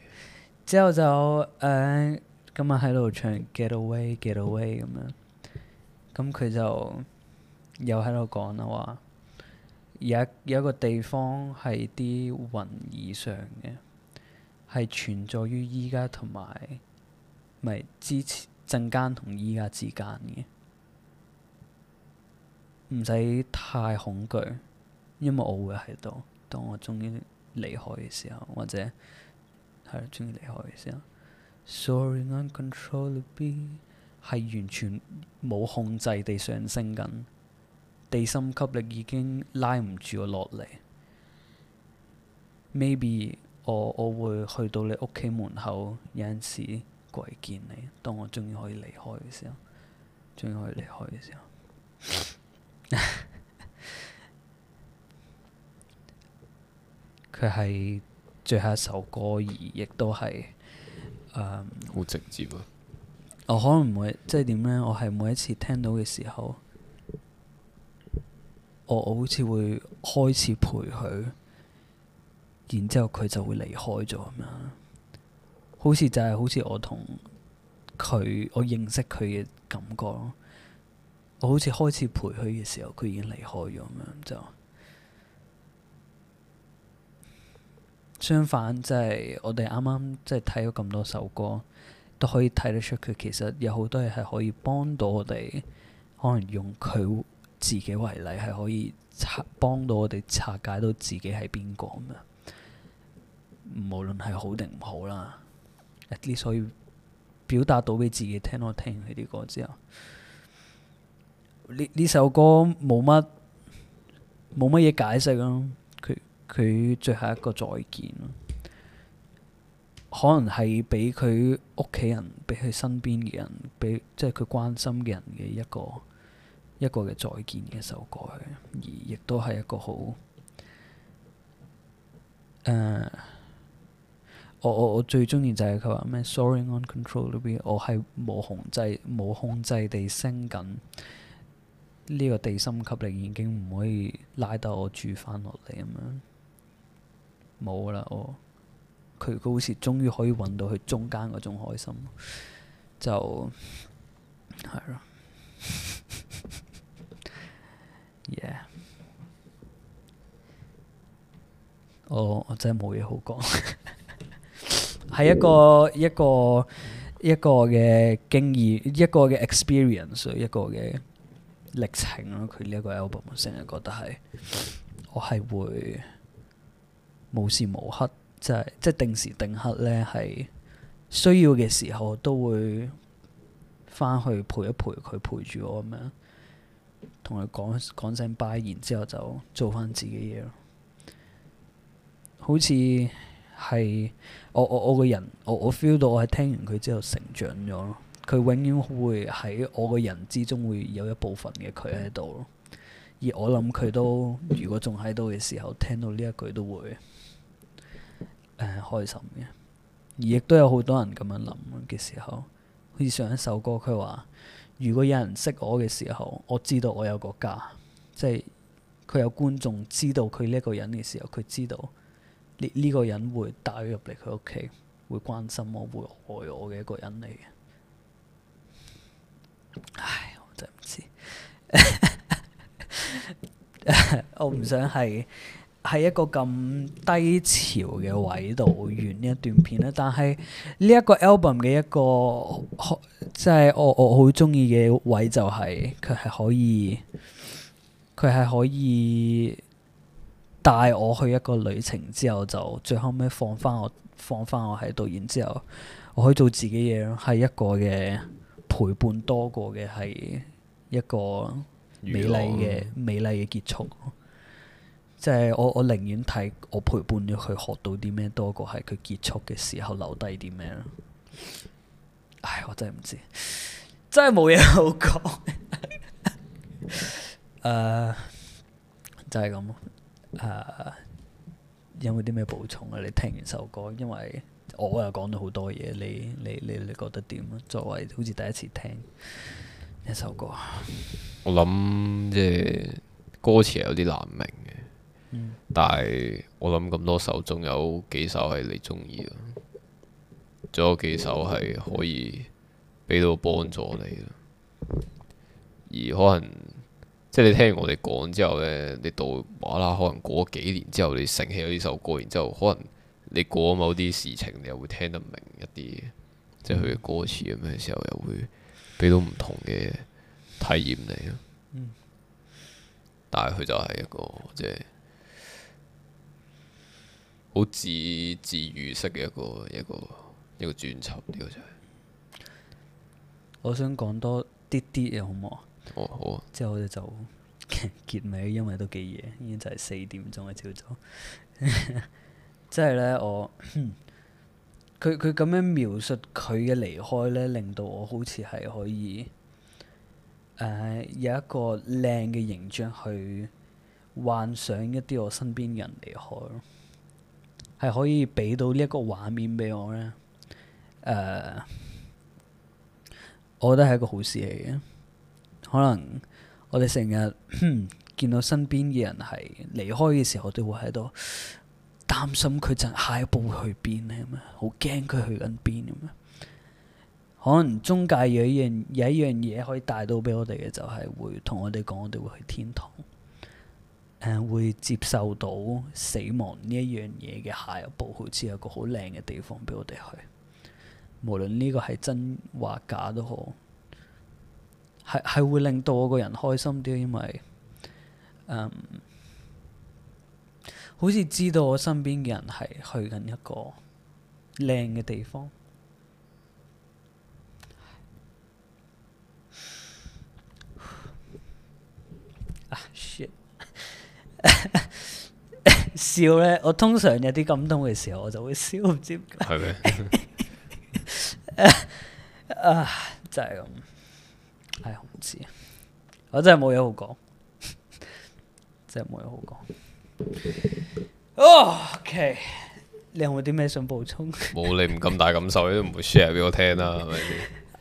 之後就誒、呃，今日喺度唱《Get Away Get Away》咁樣，咁佢就又喺度講啦，話有有一個地方係啲雲以上嘅，係存在於依家同埋咪之前陣間同依家之間嘅，唔使太恐懼。因為我會喺度，當我終於離開嘅時候，或者係啦，終於離開嘅時候，sorry，uncontrollably 係完全冇控制地上升緊，地心吸力已經拉唔住我落嚟，maybe 我我會去到你屋企門口有陣時過嚟見你，當我終於可以離開嘅時候，終於可以離開嘅時候。 佢係最後一首歌，而亦都係誒。好、um, 直接啊！我可能每即係點咧？我係每一次聽到嘅時候，我我好似會開始陪佢，然之後佢就會離開咗咁樣。好似就係好似我同佢，我認識佢嘅感覺咯。我好似開始陪佢嘅時候，佢已經離開咗咁樣就。相反，即係我哋啱啱即係睇咗咁多首歌，都可以睇得出佢其實有好多嘢係可以幫到我哋。可能用佢自己為例，係可以拆幫到我哋拆解到自己係邊個咁啊！無論係好定唔好啦，呢所以表達到俾自己聽囉，聽佢啲歌之後，呢呢首歌冇乜冇乜嘢解釋咯、啊。佢最後一個再見，可能係畀佢屋企人、畀佢身邊嘅人、畀即係佢關心嘅人嘅一個一個嘅再見嘅一首歌，而亦都係一個好誒、呃，我我我最中意就係佢話咩 Soaring on control，我係冇控制、冇控制地升緊呢、呢個地心吸力已經唔可以拉得我住翻落嚟咁樣。冇啦，我佢好似終於可以揾到佢中間嗰種開心，就係咯 ，yeah，我我真係冇嘢好講，係 一個 一個一個嘅經驗，一個嘅 experience，一個嘅歷程咯。佢呢一個 album，我成日覺得係我係會。無時無刻，就係即係定時定刻咧，係需要嘅時候都會翻去陪一陪佢，陪住我咁樣，同佢講講聲拜。然之後就做翻自己嘢咯。好似係我我我個人，我我 feel 到我係聽完佢之後成長咗咯。佢永遠會喺我個人之中會有一部分嘅佢喺度咯。而我諗佢都，如果仲喺度嘅時候聽到呢一句都會。誒、嗯、開心嘅，而亦都有好多人咁樣諗嘅時候，好似上一首歌佢話：如果有人識我嘅時候，我知道我有個家，即係佢有觀眾知道佢呢個人嘅時候，佢知道呢呢個人會帶佢入嚟佢屋企，會關心我，會愛我嘅一個人嚟嘅。唉，我真係唔知， 我唔想係。喺一個咁低潮嘅位度完呢一段片咧，但係呢一個 album 嘅一個即係我我好中意嘅位就係佢係可以，佢係可以帶我去一個旅程之後，就最後尾放翻我放翻我喺度，然之後我可以做自己嘢咯，係一個嘅陪伴多過嘅係一個美麗嘅郎美麗嘅結束。即係我我寧願睇我陪伴咗佢學到啲咩多過係佢結束嘅時候留低啲咩咯。唉，我真係唔知，真係冇嘢好講。誒、 uh,，就係咁咯。誒，有冇啲咩補充啊？你聽完首歌，因為我又講咗好多嘢，你你你你覺得點啊？作為好似第一次聽一首歌，我諗即係歌詞有啲難明。但係我諗咁多首，仲有幾首係你中意咯，仲有幾首係可以俾到幫助你咯。而可能即係你聽完我哋講之後呢，你到話啦，可能過幾年之後你醒起咗呢首歌，然之後可能你過某啲事情，你又會聽得明一啲，即係佢嘅歌詞咁嘅時候，又會俾到唔同嘅體驗你。但係佢就係一個即係。好自自癒式嘅一個一個一個專輯，呢個就係。我想講多啲啲嘢，好唔、哦、好好、啊、哦好。之後我哋就結尾，因為都幾夜，已經就係四點鐘嘅朝早。即係咧， 我佢佢咁樣描述佢嘅離開咧，令到我好似係可以誒、呃、有一個靚嘅形象去幻想一啲我身邊人離開咯。係可以俾到呢一個畫面俾我咧，誒、呃，我覺得係一個好事嚟嘅。可能我哋成日見到身邊嘅人係離開嘅時候，都會喺度擔心佢就下一步會去邊咧，咁啊，好驚佢去緊邊咁啊。可能中介有樣有一樣嘢可以帶到俾我哋嘅，就係、是、會同我哋講，我哋會去天堂。誒、嗯、會接受到死亡呢一樣嘢嘅下一步，好似有個好靚嘅地方畀我哋去。無論呢個係真或假都好，係係會令到我個人開心啲，因為誒、嗯、好似知道我身邊嘅人係去緊一個靚嘅地方。笑咧，我通常有啲感動嘅時候，我就會笑唔知，係咩？啊，真係咁，係我唔知啊，我真係冇嘢好講， 真係冇嘢好講。哦、oh，OK，你有冇啲咩想補充？冇， 你唔咁大感受，你都唔會 share 俾我聽啦，係咪？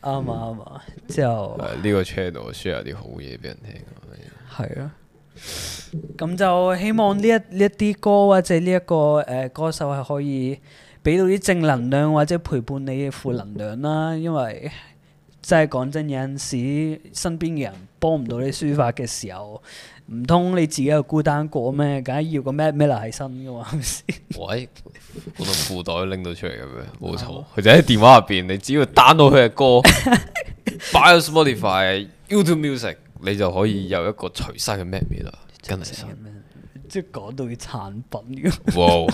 啱啊，啱 啊，之後呢個 channel share 啲好嘢俾人聽，係 啊。咁就希望呢一呢一啲歌或者呢、這、一個誒、呃、歌手係可以俾到啲正能量或者陪伴你嘅負能量啦，因為真係講真，有陣時身邊嘅人幫唔到你抒發嘅時候，唔通你自己又孤單過咩？梗係要個 Mac Miller 嚟喺身嘅嘛，係咪先？喂，我條褲袋拎到出嚟嘅咩？冇錯，佢就喺電話入邊，你只要單到佢嘅歌 f i Spotify，YouTube Music。你就可以有一個隨身嘅 matemate 啦，真係即係講到嘅產品咁。哇，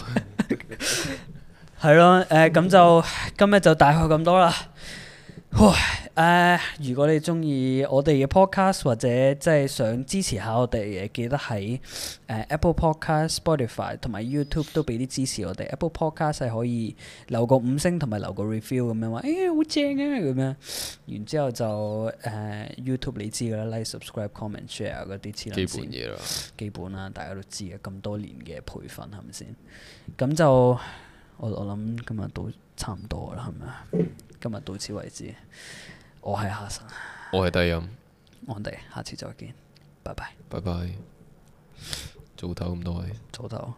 係咯，誒，咁、呃、就、嗯、今日就大概咁多啦。唉、呃，如果你中意我哋嘅 podcast 或者即係想支持下我哋，記得喺、呃、Apple Podcast、Spotify 同埋 YouTube 都俾啲支持我哋。Apple Podcast 係可以留個五星同埋留個 review 咁樣話，誒、哎、好正啊咁樣。然之後就誒、呃、YouTube 你知噶啦，like、subscribe、comment、share 嗰啲事先。基本嘢啦。基本啦、啊，大家都知嘅，咁多年嘅培訓係咪先？咁就我我諗今日都差唔多啦，係咪啊？ 今日到此為止，我係哈臣，我係低音，我哋下次再見，拜拜，拜拜，早唞咁多位，早唞。